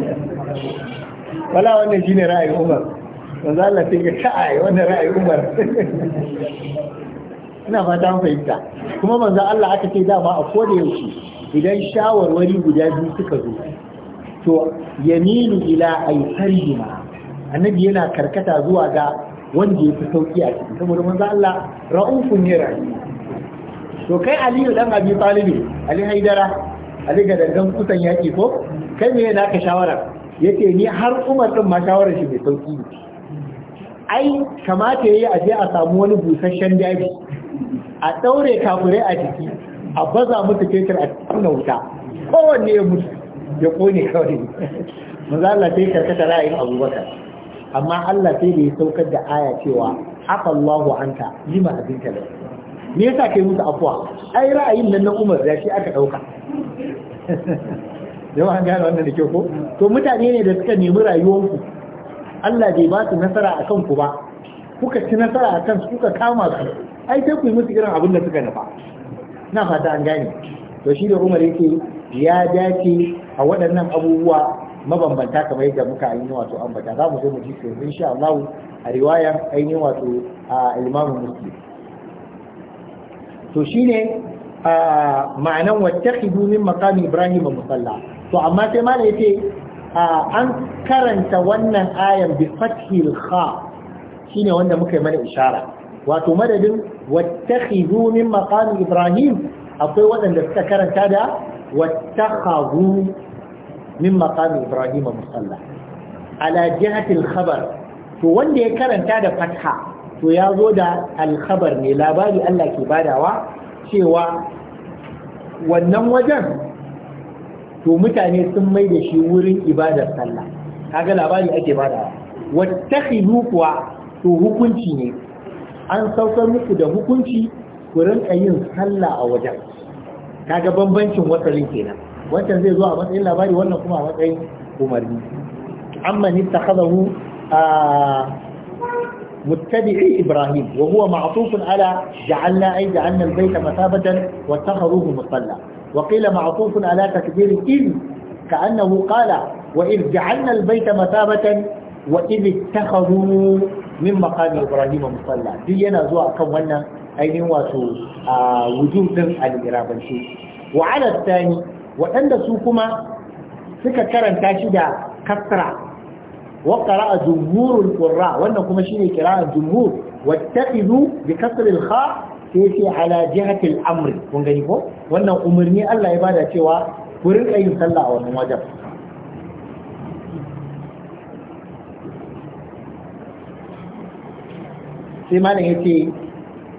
wala wannan shine ra'ayin Umar manzo Allah sai ka ta'ayi wannan ra'ayin Umar ina fata an fahimta kuma manzo Allah aka ce dama a koda yaushe idan shawarwari guda biyu suka zo to yamilu ila aysarihima annabi yana karkata zuwa ga wanda ya fi sauki a ciki saboda manzo Allah ra'ufun ne rahim to kai Aliyu dan Abi Talib Ali Haidara Ali ga dangan kusan yaki ko kai me yana ka shawara yace ni har Umar din ma shawarar shi mai sauki ne ai kamata yayi a a samu wani busasshen daji a ɗaure kafirai a jiki a baza musu fetur a cikin wuta kowanne ya mutu ya kone kawai za Allah sai karkata ra'ayin Abubakar amma Allah sai da ya saukar da aya cewa afa Allahu anka lima abinta da me yasa kai musu afuwa ai ra'ayin nan na Umar da shi aka dauka yau an gane wannan da ke ko to mutane ne da suka nemi rayuwarku Allah bai ba su nasara akan ku ba kuka ci nasara akan su kuka kama su ai sai ku yi musu irin abin da suka nufa na fata an gane to shi da umar yake ya dace a waɗannan abubuwa mabambanta kamar yadda muka ainihin wato ambata za mu zo mu ji su insha Allah a riwayar ainihin wato a imamu muslim to shine ma'anan wattakhidhu min maqami ibrahim musalla to amma sai ma yace an karanta wannan ayan bi fathil kha shine wanda muka yi mana ishara wato madadin wattakhidhu min maqami ibrahim akwai waɗanda suka karanta da wattakhadhu min maqami ibrahim musalla ala jihati al-khabar to wanda ya karanta da fatha to ya zo da al-khabar ne labari Allah ke badawa cewa wannan wajen to mutane sun mai da shi wurin ibadar sallah kaga labari ake badawa wattakhidhu kuwa to hukunci ne an saukar muku da hukunci ku rinka yin sallah a wajen kaga bambancin wasarin kenan wancan zai zo a matsayin labari wannan kuma a matsayin umarni amma ni takhadahu متبعي إبراهيم وهو معطوف على جعلنا أي جعلنا البيت مثابة واتخذوه مصلى وقيل معطوف على تكبير إذ كأنه قال وإذ جعلنا البيت مثابة وإذ اتخذوا min makamin ibrahim musalla duk yana zuwa kan wannan ainihin wato a wujud din al-irabance wa ala waɗanda su kuma suka karanta shi da kasra wa qara'a jumhurul qurra wannan kuma shine qira'a jumhur wattaqidu bi kasri al-kha sai ala jihati al-amr kun gani ko wannan umarni Allah ya bada cewa ku rinka yin sallah a wannan wajen sai malam ya ce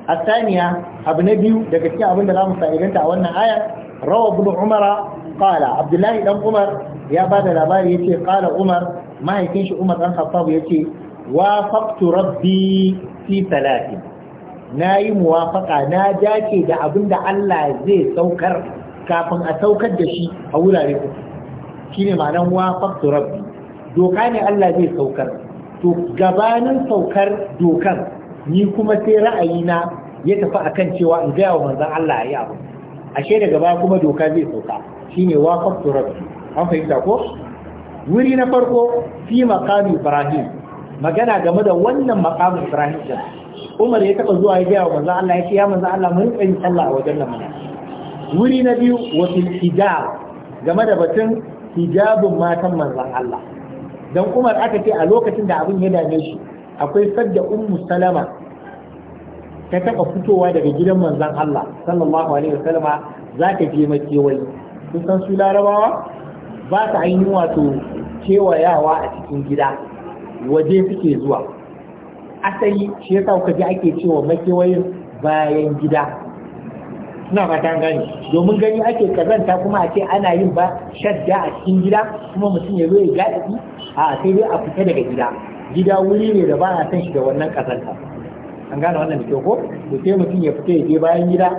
a saniya abu na biyu daga cikin abin da za mu fa'idanta a wannan ayar. rawa bin umara kala abdullahi dan umar ya ba da labari ya ce qala umar mahaifin shi umar dan khattab ya ce wafaqtu rabbi fi talatin na yi muwafaka na dace da abin da Allah zai saukar kafin a saukar da shi a wurare uku shine ma'anar wafaqtu rabbi doka ne Allah zai saukar to gabanin saukar dokar. ni kuma sai ra'ayina ya tafi akan cewa in gaya wa manzan Allah ya abu ashe daga baya kuma doka zai sauka shine waqaftu rabbi an fahimta ko wuri na farko fi maqami ibrahim magana game da wannan maqamin ibrahim din umar ya taba zuwa ya gaya wa manzan Allah ya ce ya manzan Allah mun tsayi sallah a wajen nan mana wuri na biyu wa fil hijab game da batun hijabin matan manzan Allah dan umar aka ce a lokacin da abin ya dame shi akwai sadda ummu salama ta taɓa fitowa daga gidan manzon Allah sallallahu alaihi wasallama za ta je makewayi kusan su larabawa ba ta ainihin wato kewayawa a cikin gida waje suke zuwa asali shi yasa kuka ji ake cewa makewayin bayan gida suna fatan gani domin gani ake kazanta kuma a ce ana yin ba shadda a cikin gida kuma mutum ya zo ya gaɗi a sai dai a fita daga gida gida wuri ne da ba a san shi da wannan kazanta an gane wannan da ke ko da sai mutum ya fita ya je bayan gida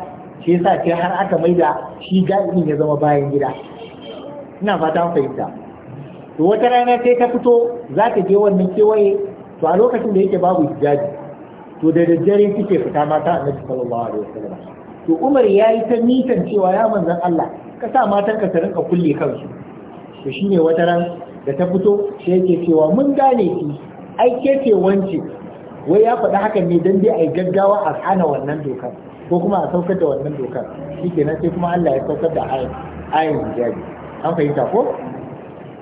shi yasa sai har aka maida shi ga'ibin ya zama bayan gida ina fata fahimta to wata rana sai ta fito za ta je wannan kewaye to a lokacin da yake babu hijabi to da daddare suke fita mata annabi sallallahu alaihi wasallam to Umar ya yi ta mitan cewa ya manzan Allah ka sa matan ka su rinka kulle kansu to shine wata ran da ta fito sai yake cewa mun gane ki ai ke ce wance wai ya faɗi hakan ne don dai a yi gaggawa a hana wannan dokar ko kuma a saukar da wannan dokar shi kenan sai kuma Allah ya saukar da ayin hijabi an fahimta ko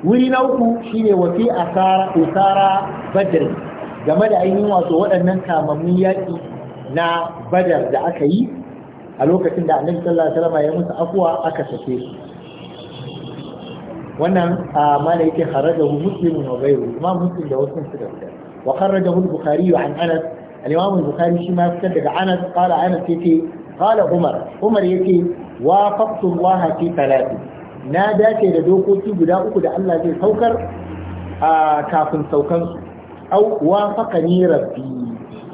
wuri na uku shine wafi asara usara game da ainihin wato waɗannan kamammin yaƙi na badar da aka yi a lokacin da annabi sallallahu alaihi wasallam ya musu afuwa aka sake su wannan a ah, mana yake harajahu muslimun wa ghayru imam muslim da wasu da fitar وخرجه البخاري عن أنس الإمام البخاري شما ya أنس قال أنس يتي قال عمر عمر يتي وافقت الله في ثلاث نادى لدوكو في بداء أكد الله زي سوكر آه كافن سوكنسو au wafaka ni rabbi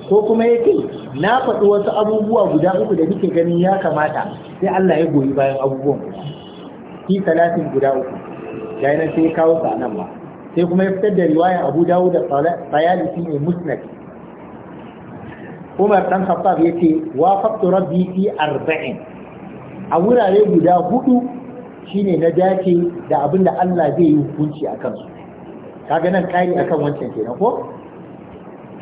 ko kuma yake na faɗi wasu abubuwa guda uku da nake ganin ya kamata sai Allah ya goyi bayan abubuwan Ki talatin guda uku yayin sai ya kawo sa nan ma sai kuma ya fitar da riwaya abu dawo da tsayalisi ne musnad umar dan khattab ya ce wa faktu rabbi fi arba'in a wurare guda hudu shine na dace da abin da Allah zai yi hukunci a kansu kaga nan kari akan wancan kenan ko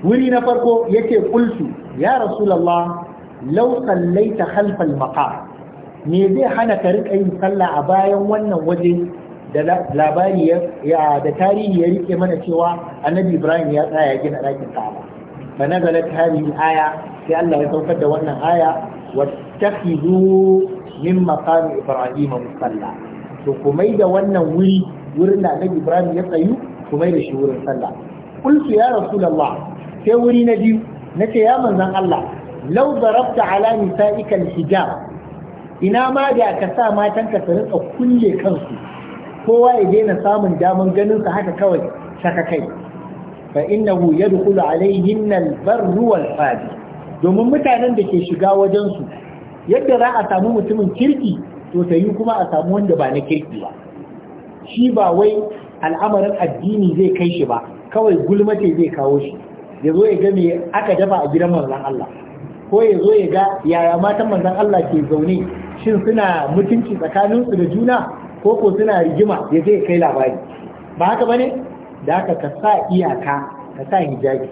wuri na farko yace kulsu ya rasulullah law sallaita khalfal maqam me zai hana ka rika yin sallah a bayan wannan waje da labari ya da tarihi ya rike mana cewa annabi ibrahim ya tsaya ya gina ɗakin ka'aba fa nazalat hadhihi aya sai Allah ya saukar da wannan aya wa takhidhu min maqam ibrahim musalla to kuma da wannan wuri wurin da annabi ibrahim ya tsayu kuma da shi wurin sallah qultu ya rasulullah sai wuri na biyu nace ya manzon Allah law darabta ala nisa'ika al-hijab ina ma da ka sa matanka su rinka kulle kansu kowa ya daina samun daman ganin sa haka kawai saka kai fa innahu yadkhulu alayhin albarru wal fadi domin mutanen da ke shiga wajen su yadda za a samu mutumin kirki to sai kuma a samu wanda ba na kirki ba shi ba wai al'amarin addini zai kai shi ba kawai gulma ce zai kawo shi ya zo ya ga me aka dafa a gidan manzon Allah ko ya zo ya ga yaya matan manzon Allah ke zaune shin suna mutunci tsakaninsu da juna ko ko suna rigima ya je kai labari ba haka bane da haka ka sa iyaka ka sa hijabi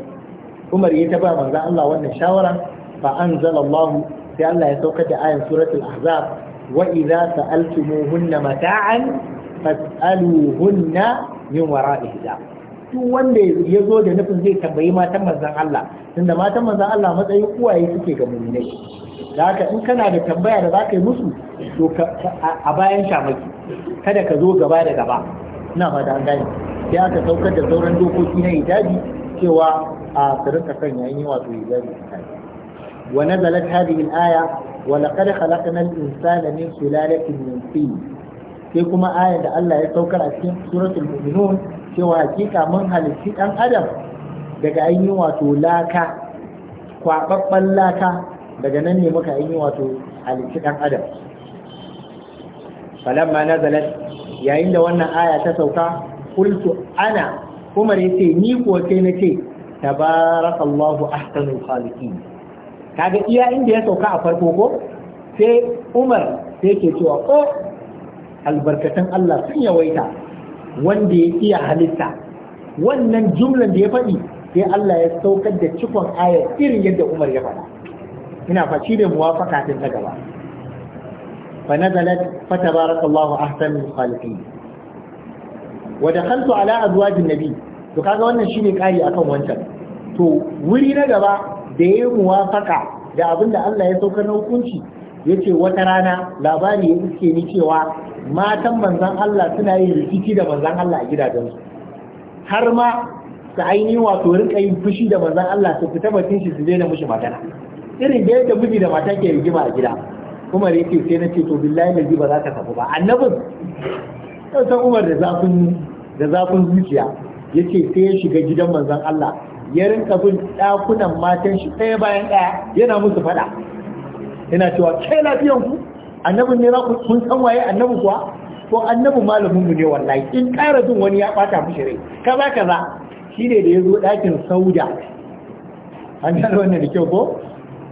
Umar ya taba manzo Allah wannan shawara fa anzalallahu sai Allah ya saukar da ayan suratul ahzab wa idza sa'altumuhunna mata'an fas'aluhunna min wara'i hijab duk wanda ya zo da nufin zai tambayi matan manzon Allah tunda matan manzan Allah matsayin uwaye suke ga mu'minai da haka in kana da tambaya da zaka yi musu to a bayan shamaki kada ka zo gaba da gaba ina fata an gane sai aka saukar da sauran dokoki na hijabi cewa a su rinka sanya yin wato hijabi wa nazalat hadhihi al-aya wa laqad khalaqna insana min sulalatin min tin sai kuma ayar da Allah ya saukar a cikin suratul mu'minun cewa hakika mun halitti dan adam daga yi wato laka kwababban laka daga nan ne muka yi wato halitti dan adam falamma nazalat yayin da wannan aya ta sauka qultu ana Umar yace ni ko sai nace tabarakallahu ahsanu khaliqin kaga iya inda ya sauka a farko ko sai Umar sai ke cewa ko oh, albarkatun Allah sun yawaita wanda ya iya halitta wannan jumlan da ya faɗi sai Allah ya saukar da cikon ayar irin yadda Umar ya faɗa ina faci da muwafaka ta gaba fa nazalat fa tabarakallahu ahsanul khaliqin wa dakhaltu ala azwajin nabi to kaga wannan shine kari akan wancan to wuri na gaba da yayi muwafaka da abinda Allah ya saukar na hukunci Ya ce wata rana labari ya iske ni cewa matan Manzan Allah suna yin rikici da Manzan Allah a gidajensu har ma su ainihin wato rinka yin fushi da Manzan Allah su fita batun shi su daina mushi magana irin da yadda miji da mata ke rigima a gida Umar ce sai na ce to billahi lazi ba za ka tafi ba annabin sai Umar da zafin da zafin zuciya yace sai ya shiga gidan Manzan Allah ya rinka bin ɗakunan matan shi ɗaya bayan ɗaya yana musu faɗa yana cewa kai lafiyan ku annabin ne ku kun san waye annabi kuwa Ko annabi malamin mu ne wallahi in ƙara jin wani ya bata mishi rai kaza kaza shi ne da yazo dakin ɗakin sauda an gano wannan da kyau ko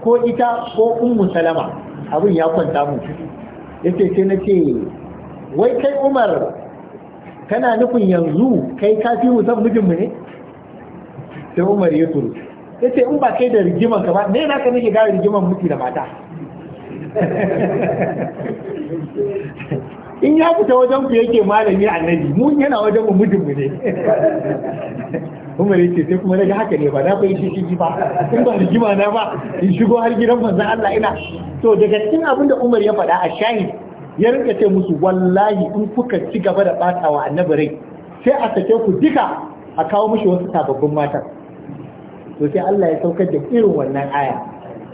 ko ita ko ummu salama abin ya kwanta mu yace sai na ce wai kai umar kana nufin yanzu kai ka fi mu san mu ne sai umar ya turu yace in ba kai da rigiman ka ba ne na ka nake ga rigiman miki da mata in ya fita wajen ku yake malami annabi mun yana wajen mu mijin mu ne Umar yace sai kuma daga haka ne ba na bai shi shi ba in ba rigima na ba in shigo har gidan manzon Allah ina to daga cikin abin da Umar ya faɗa a shahi ya rinka ce musu wallahi in kuka ci gaba da batawa annabi rai sai a sake ku duka a kawo mishi wasu sababbin mata to sai Allah ya saukar da irin wannan aya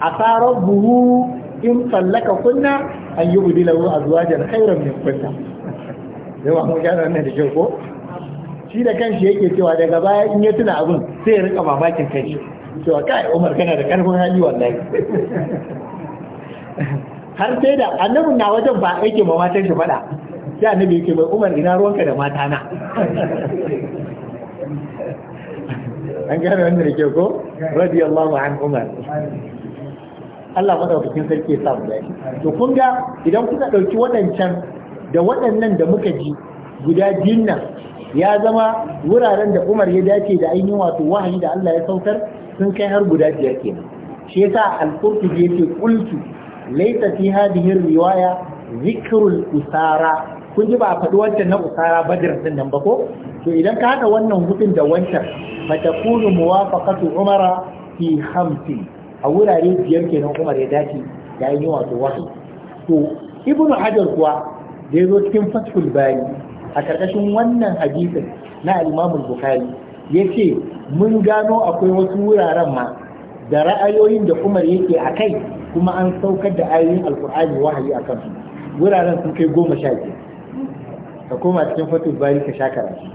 a tsarar buhu in tsallaka kunna an yi budi lahu azwajan khairan min kunna yawa mun gyara wannan da kyau ko shi da kanshi yake cewa daga baya in ya tuna abin sai ya rika mamakin kai cewa kai Umar kana da karfin hali wallahi har sai da annabin na wajen ba yake ma matan shi fada sai annabi yake bai Umar ina ruwanka da mata na an gane wannan da kyau ko radiyallahu an Umar Allah madaukakin sarki ya sa mu to kun ga idan kuka dauki waɗancan da waɗannan da muka ji guda biyun ya zama wuraren da Umar ya dace da ainihin wato wahayi da Allah ya saukar sun kai har guda biyar kenan shi yasa al-Qurtubi yake qultu laysa fi hadhihi riwaya zikrul usara kun ji ba a faɗi wancan na usara badr din nan ba ko to idan ka haɗa wannan hudin da wancan fa takunu muwafaqatu umara fi hamsin a wurare biyar kenan Umar ya dace da yi wato wahayi to Ibn Hajar kuwa da ya zo cikin Fathul Bari a karkashin wannan hadisin na al-Imam al-Bukhari yace mun gano akwai wasu wuraren ma da ra'ayoyin da Umar yake a kai kuma an saukar da ayoyin Alkur'ani wahayi a kansu wuraren sun kai goma sha biyar ka koma cikin Fathul Bari ka sha karatu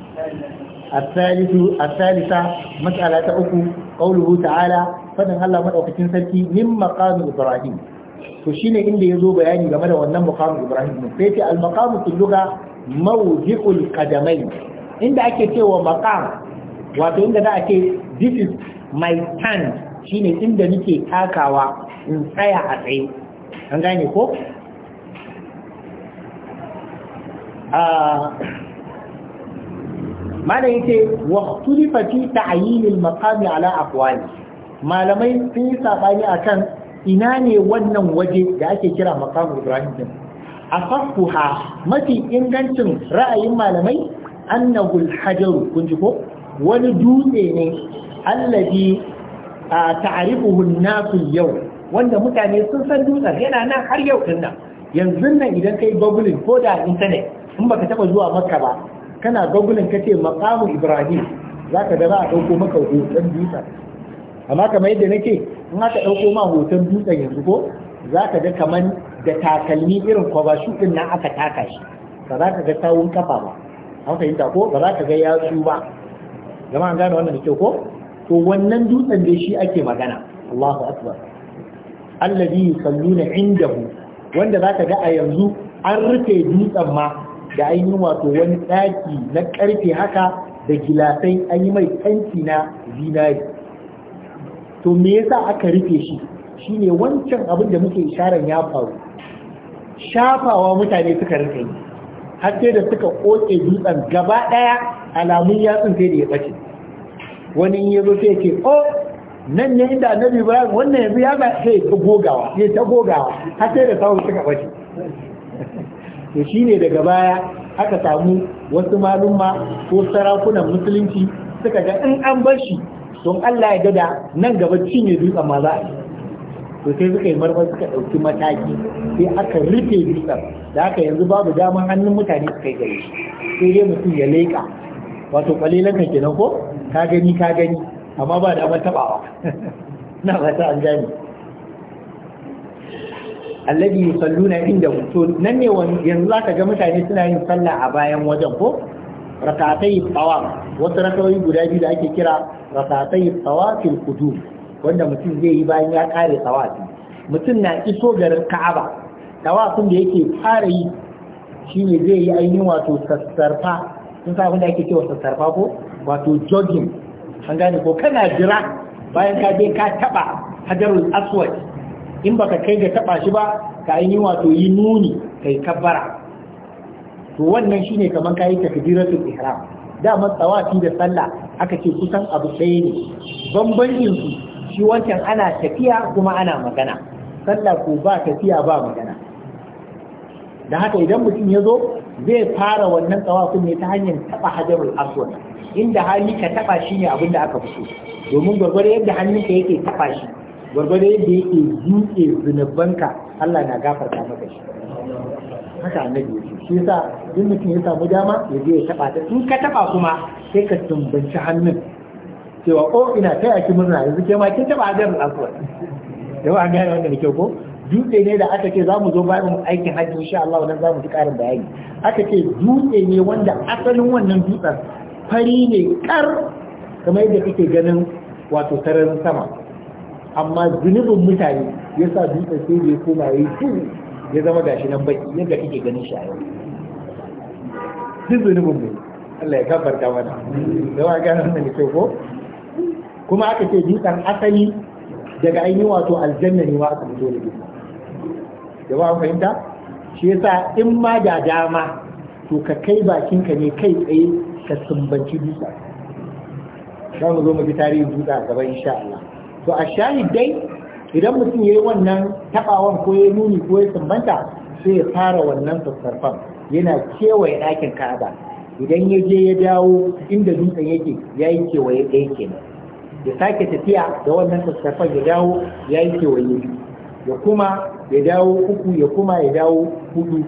الثالث الثالثة مسألة أخو قوله تعالى fadin Allah madaukakin sarki min maqami ibrahim to shine inda yazo bayani game da wannan maqami ibrahim sai ce al maqamu fil lugha mawdi'ul qadamain inda ake cewa maqam wato inda da ake this is my stand shine inda nake takawa in tsaya a tsaye an gane ko ah, ala aqwali malamai sun yi saɓani a kan ina ne wannan waje da ake kira makamu ibrahim din a fafuha mafi ingancin ra'ayin malamai annahu alhajaru kun ji ko wani dutse ne allazi a an-nasu yau wanda mutane sun san dutsen yana nan har yau din nan yanzu nan idan kai googling ko da internet in baka taba zuwa makka ba kana googling kace Makamu ibrahim zaka ga za a dauko maka hoton dutsen amma kamar yadda nake in aka ɗauko ma hoton dutsen yanzu ko za ka ga kamar da takalmi irin kwaba shukin nan aka taka shi ba za ka ga tawun kafa ba an fahimta ko ba za ka ga yatsu ba an gane wannan da kyau ko to wannan dutsen da shi ake magana Allahu akbar allazi yusalluna indahu wanda zaka ga a yanzu an rufe dutsen ma da ainihin wato wani daki na karfe haka da gilasai an yi mai tanti na zinari to me yasa aka rufe shi shine wancan abin da muke isharar ya faru shafawa mutane suka rufe yi har sai da suka koke dutsen gaba daya alamun yatsun sai da ya bace wani ya zo sai ce oh nan ne inda annabi Ibrahim wannan yanzu ya ba sai ta gogawa sai ta gogawa har sai da sauran suka bace to shine daga baya aka samu wasu malumma ko sarakunan musulunci suka ga in an bar shi don Allah ya gada nan gaba cinye dutsen ma za a yi to sai suka yi marmar suka ɗauki mataki sai aka rufe dutsen da aka yanzu babu damar hannun mutane su kai gari sai dai mutum ya leƙa wato kwalilan ka kenan ko ka gani ka gani amma ba da ban taɓawa na mata an gani alladhi salluna inda to nan ne yanzu zaka ga mutane suna yin sallah a bayan wajen ko rakatai tsawa wasu rakawai guda biyu da ake kira rakatai tsawa fil kudu wanda mutum zai yi bayan ya kare tsawafi mutum na iso garin ka'aba tsawafin da yake fara yi shi ne zai yi ainihin wato sassarfa sun sa abin da ake cewa sassarfa ko wato jogging an gane ko kana jira bayan ka je ka taba hajarul aswad in baka kai ga taba shi ba ka ainihin wato yi nuni kai kabbara to wannan shine kamar kayi takbiratul ihram dama tsawafi da sallah aka ce kusan abu ɗaya ne bambancin su shi wancan ana tafiya kuma ana magana sallah ko ba tafiya ba magana da haka idan mutum ya zo zai fara wannan tsawafin ne ta hanyar taɓa hajarul aswad inda hali ka taɓa shi ne abin da aka fito, domin gwargwado yadda hannunka yake taɓa shi gwargwadon yadda yake zuke zunubanka Allah na gafarta maka shi haka annabi yake shi yasa duk mutum ya samu dama ya je ya taba ta in ka taba kuma sai ka tumbanci hannun cewa o oh, ina ta yaki murna yanzu ke ma kin taba hajar aswad da ba gane wannan da kyau ko dutse ne da aka ce za mu zo bayan aikin hajji insha Allah wannan mu ji karin bayani aka ce dutse ne wanda asalin wannan dutsen fari ne kar kamar yadda kake ganin wato sararin sama amma zunubin mutane ya sa dutsen sai da ya koma ya yi ya zama gashi nan baki yadda kake ganin shi a yau duk zunubin mu Allah ya gafarta mana da gane ga nan kyau ko kuma aka ce dutsen asali daga ainihi wato aljanna ne wa aka fito da dutsen jama'a fahimta shi yasa in ma da dama to ka kai bakinka ne kai tsaye ka sumbanci dutsen za mu zo mu bi tarihin dutsen a gaban insha Allah to a shahid dai idan mutum yayi wannan tabawan ko ya nuni ko ya sumbanta sai ya fara wannan tsarfan yana kewaye ɗakin ka'aba idan ya je ya dawo inda dutsen yake ya kewaye ɗaya kenan ya sake tafiya da wannan tsarfan ya dawo ya yi kewaye ya kuma ya dawo uku ya kuma ya dawo hudu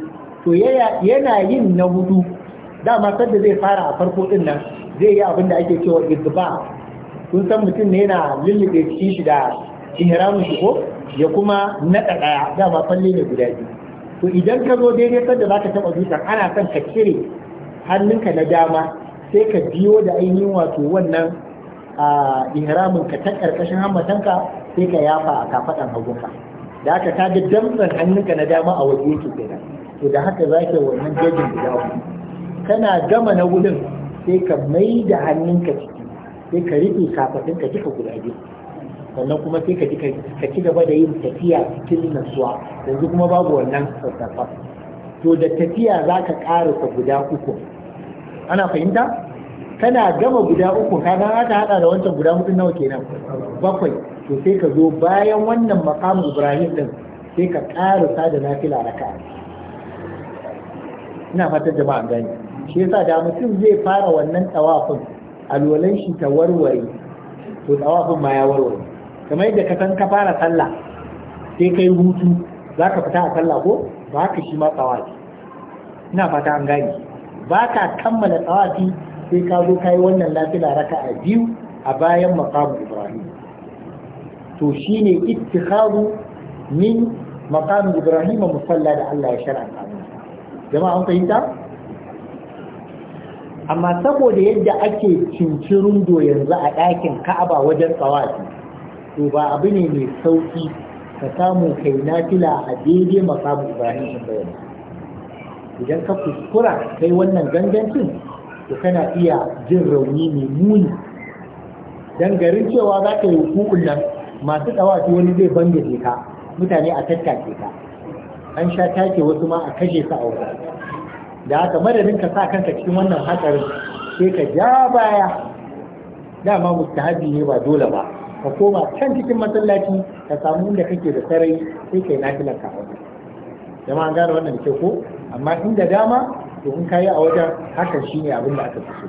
to yana yin na hudu dama sadda zai fara a farko din nan zai yi abin da ake cewa izba kun san mutum ne yana lullube cikin shi da ihramin shi ko ya kuma naɗa ɗaya dama falle ne guda biyu to idan ka zo daidai sanda za ka taɓa dutsen ana son ka kire hannunka na dama sai ka biyo da ainihin wato wannan ihramin ka ta ƙarƙashin hammatanka sai ka yafa a kafaɗan hagunka da haka ta ga damtsan hannunka na dama a waje yake kenan to da haka za ka wannan gajin guda kana gama na gudun sai ka mai da hannunka sai ka riƙe kafaɗin ka duka guda biyu sannan kuma sai ka ci gaba da yin tafiya cikin nasuwa yanzu kuma babu wannan sassafa to da tafiya za ka ƙarasa guda uku ana fahimta kana gama guda uku kana aka hada da wancan guda mutum nawa kenan bakwai to sai ka zo bayan wannan makamun ibrahim din sai ka ƙarasa da nafila raka ina fatan jama'a gani shi yasa da mutum zai fara wannan tawafin alwalan shi ta warware to tsawafin ma ya warware kamar yadda ka san ka fara sallah sai kai hutu za ka fita a sallah ko ba ka shi ma tsawafi ina fata an gane ba ka kammala tsawafi sai ka zo kai wannan lafiya, raka a biyu a bayan Makamu ibrahim to shi shine ittikhadu min Makamu ibrahim musalla da Allah ya shar'a jama'a an fahimta amma saboda yadda ake cincirin do yanzu a ɗakin ka'aba wajen tsawafi to ba abu ne mai sauki ka samu kai fila a daidai makamu ibrahim sun bayan idan ka kuskura kai wannan gangancin to kana iya jin rauni mai muni dan garin cewa za ka yi hukun nan masu tsawafi wani zai bangare ka mutane a tattake ka an sha take wasu ma a kashe ka a wurin da haka madadin ka sa kanka cikin wannan hatsarin sai ka ja baya dama mustahabi ne ba dole ba ka koma can cikin masallaci ka samu inda kake da sarai sai kai nafilar ka wajen jama'a an gane wannan ke ko amma inda dama to in kayi a wajen hakan shine abin da aka fi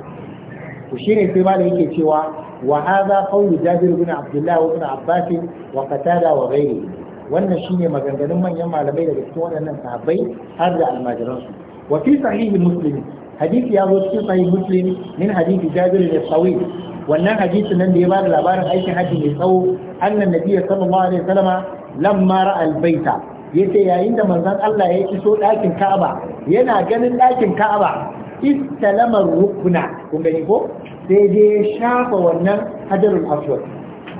so to shine sai malam yake cewa wa hadha qawlu jabir ibn abdullah wa ibn abbas wa qatada wa ghayrihi wannan shine maganganun manyan malamai daga cikin waɗannan sahabbai har da almajiransu wa fi sahihi muslim hadisi ya zo cikin sahih muslim min hadisi Jabiru bin sawi wannan hadisi nan da ya ba da labarin aikin hajji mai tsawo annan nabiyyi sallallahu alaihi wasallama lamma ra'a albayta yace yayin da manzon Allah ya iso ɗakin Ka'aba yana ganin ɗakin Ka'aba istalama rukuna kun gani ko sai dai shafa wannan hajarul aswad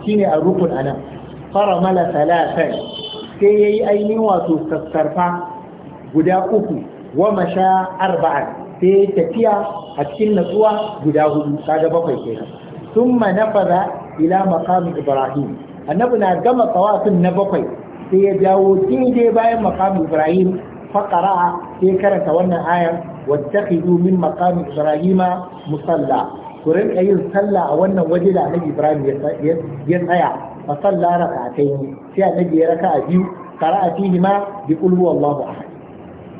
shine a rukun anan fara mala talatan sai yayi ainihi wato sassarfa guda uku wa masha arba'an sai tafiya a cikin natsuwa guda hudu kaga bakwai kenan thumma nafaza ila makamin ibrahim annabi na gama tawafin na bakwai sai ya jawo daidai bayan makamin ibrahim faqara sai karanta wannan ayar wattakhidu min maqam ibrahima musalla ku rinka yin sallah a wannan waje da annabi ibrahim ya tsaya fa salla raka'atayn sai annabi ya raka'a biyu qara'a fihi ma bi qul huwallahu ahad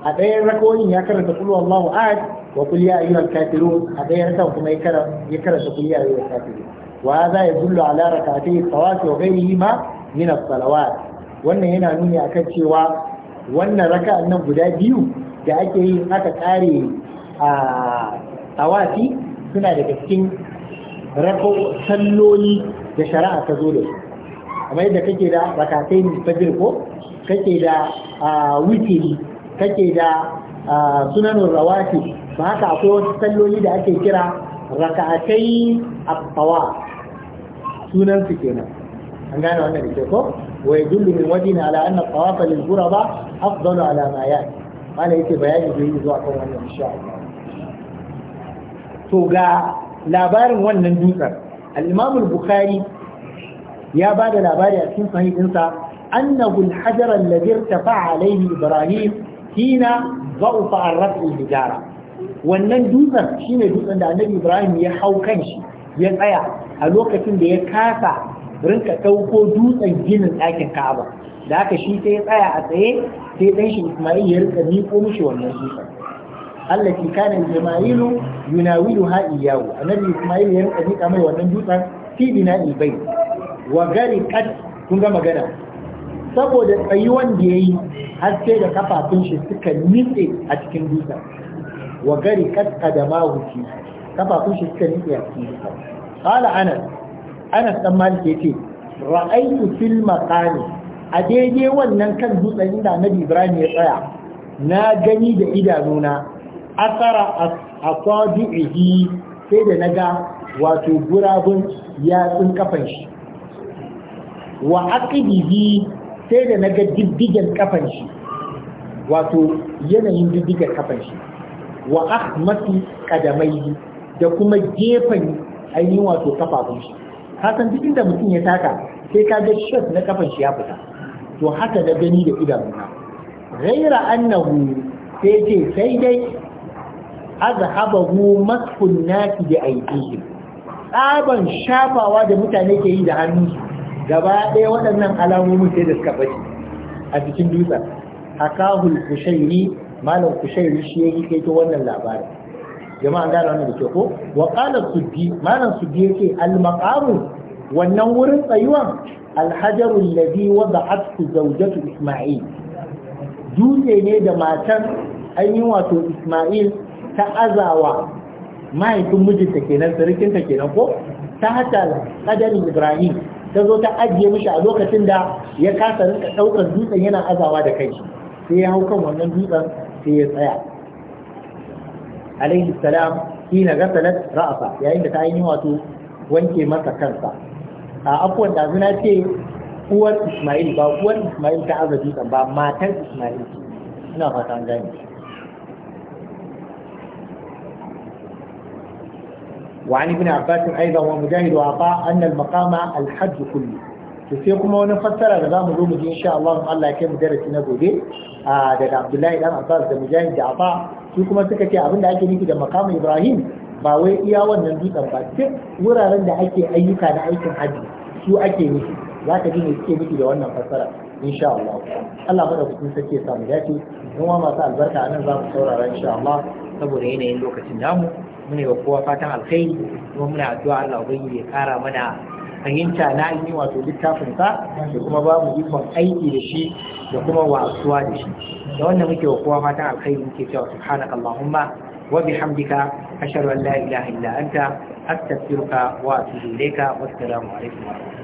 a ɗayan rakoyin ya karanta kullu Allahu ahad wa kul ya ayyuhal kafirun a ɗayan rakan kuma ya karanta kul ya ayyuhal kafirun wa hadha yadullu ala rak'atay tawaf wa ma min as-salawat wannan yana nuni akan cewa wannan raka'an nan guda biyu da ake yi aka kare a tawafi suna da cikin rako salloli da shari'a ta zo da su kamar yadda kake da rakatai fajr ko kake da witiri take da sunanin rawati ba haka akwai wasu salloli da ake kira raka'atai abbawa sunan su kenan an gane wannan da ke ko wa yadullu min wajin ala anna tawafa lil ghuraba afdalu ala ma yati mala yake bayani da yi zuwa kan wannan insha Allah to ga labarin wannan dutsen al-Imam al-Bukhari ya ba da labari a cikin sahihinsa annahu al-hajar alladhi irtafa alayhi Ibrahim hina za'ufa arrafi hijara wannan dutsen shine dutsen da annabi ibrahim ya hau kan shi ya tsaya a lokacin da ya kasa rinka ɗauko dutsen ginin ɗakin ka'aba da haka shi sai ya tsaya a tsaye sai ɗan shi isma'il ya rinka miƙo mishi wannan dutsen Allah ki kana jama'ilu yunawilu ha iyahu annabi isma'il ya rinka miƙa mai wannan dutsen fi bina'i bai wa gari kat kun ga magana saboda tsayuwan da ya yi har sai da kafafun shi suka nitse a cikin dutsen wa gari kaska da mahuci kafafun shi suka nitse a cikin dutsen kala anas anas dan malik ya ce ra'aitu fil maqami a daidai wannan kan dutsen inda annabi ibrahim ya tsaya na gani da idanuna asara asabihi sai da naga wato gurabun yatsun kafan shi wa aqibihi sai da na ga diddigen kafan shi wato yanayin diddigen kafan shi wa ƙadamai, da kuma gefen ainihin wato kafafun shi kasan duk inda mutum ya taka sai ka ga shot na kafan shi ya fita to haka na gani da idanuna ghaira annahu sai ce sai dai azhabahu maskun nasi da aidihim tsaban shafawa da mutane ke yi da hannunsu gaba ɗaya waɗannan alamomin sai da suka bace a cikin dutsen hakahul kushairi malam kushairi shi ya yi kai to wannan labarin jama'a gane wannan da ke ko wa qala suddi malam suddi yake al maqamu wannan wurin tsayuwan al hajaru alladhi wada'athu zawjatu isma'il dutse ne da matan ainihin wato isma'il ta azawa mahaifin mijinta kenan sarkinta kenan ko ta hata kadarin ibrahim ta zo ta ajiye mishi a lokacin da ya kasa rinka ɗaukar dutsen yana azawa da kai sai ya hau kan wannan dutsen sai ya tsaya alaihi salam ga gasalat ra'asa yayin da ta yi wato wanke masa kansa a afuwan da zuna ce uwar Ismail ba uwar Ismail ta azabi ba matar Ismail ina fata an gane وعن ابن عباس أيضا ومجاهد وعطاء أن المقام الحج كله sai kuma wani fassara da zamu zo mu ji insha Allah in Allah ya kai mu darasi na gobe daga Abdullahi dan Abbas da Mujahid da aba su kuma suka ce abinda ake nufi da makamin Ibrahim ba wai iya wannan dutsen ba wuraren da ake ayyuka na aikin hajji su ake nufi za ka ji ne suke nufi da wannan fassara insha Allah Allah bada kuɗin sake samu dace in masu albarka anan za mu saurara insha Allah saboda yanayin lokacin damu. mune wa kowa fatan alkhairi kuma muna addu'a Allah ubangiji ya kara mana fahimta na yi wato littafin sa da kuma babu ikon aiki da shi da kuma wasuwa da shi da wannan muke wa kowa fatan alkhairi muke cewa subhanaka allahumma wa bihamdika ashhadu an la ilaha illa anta astaghfiruka wa atubu ilayka wassalamu alaikum wa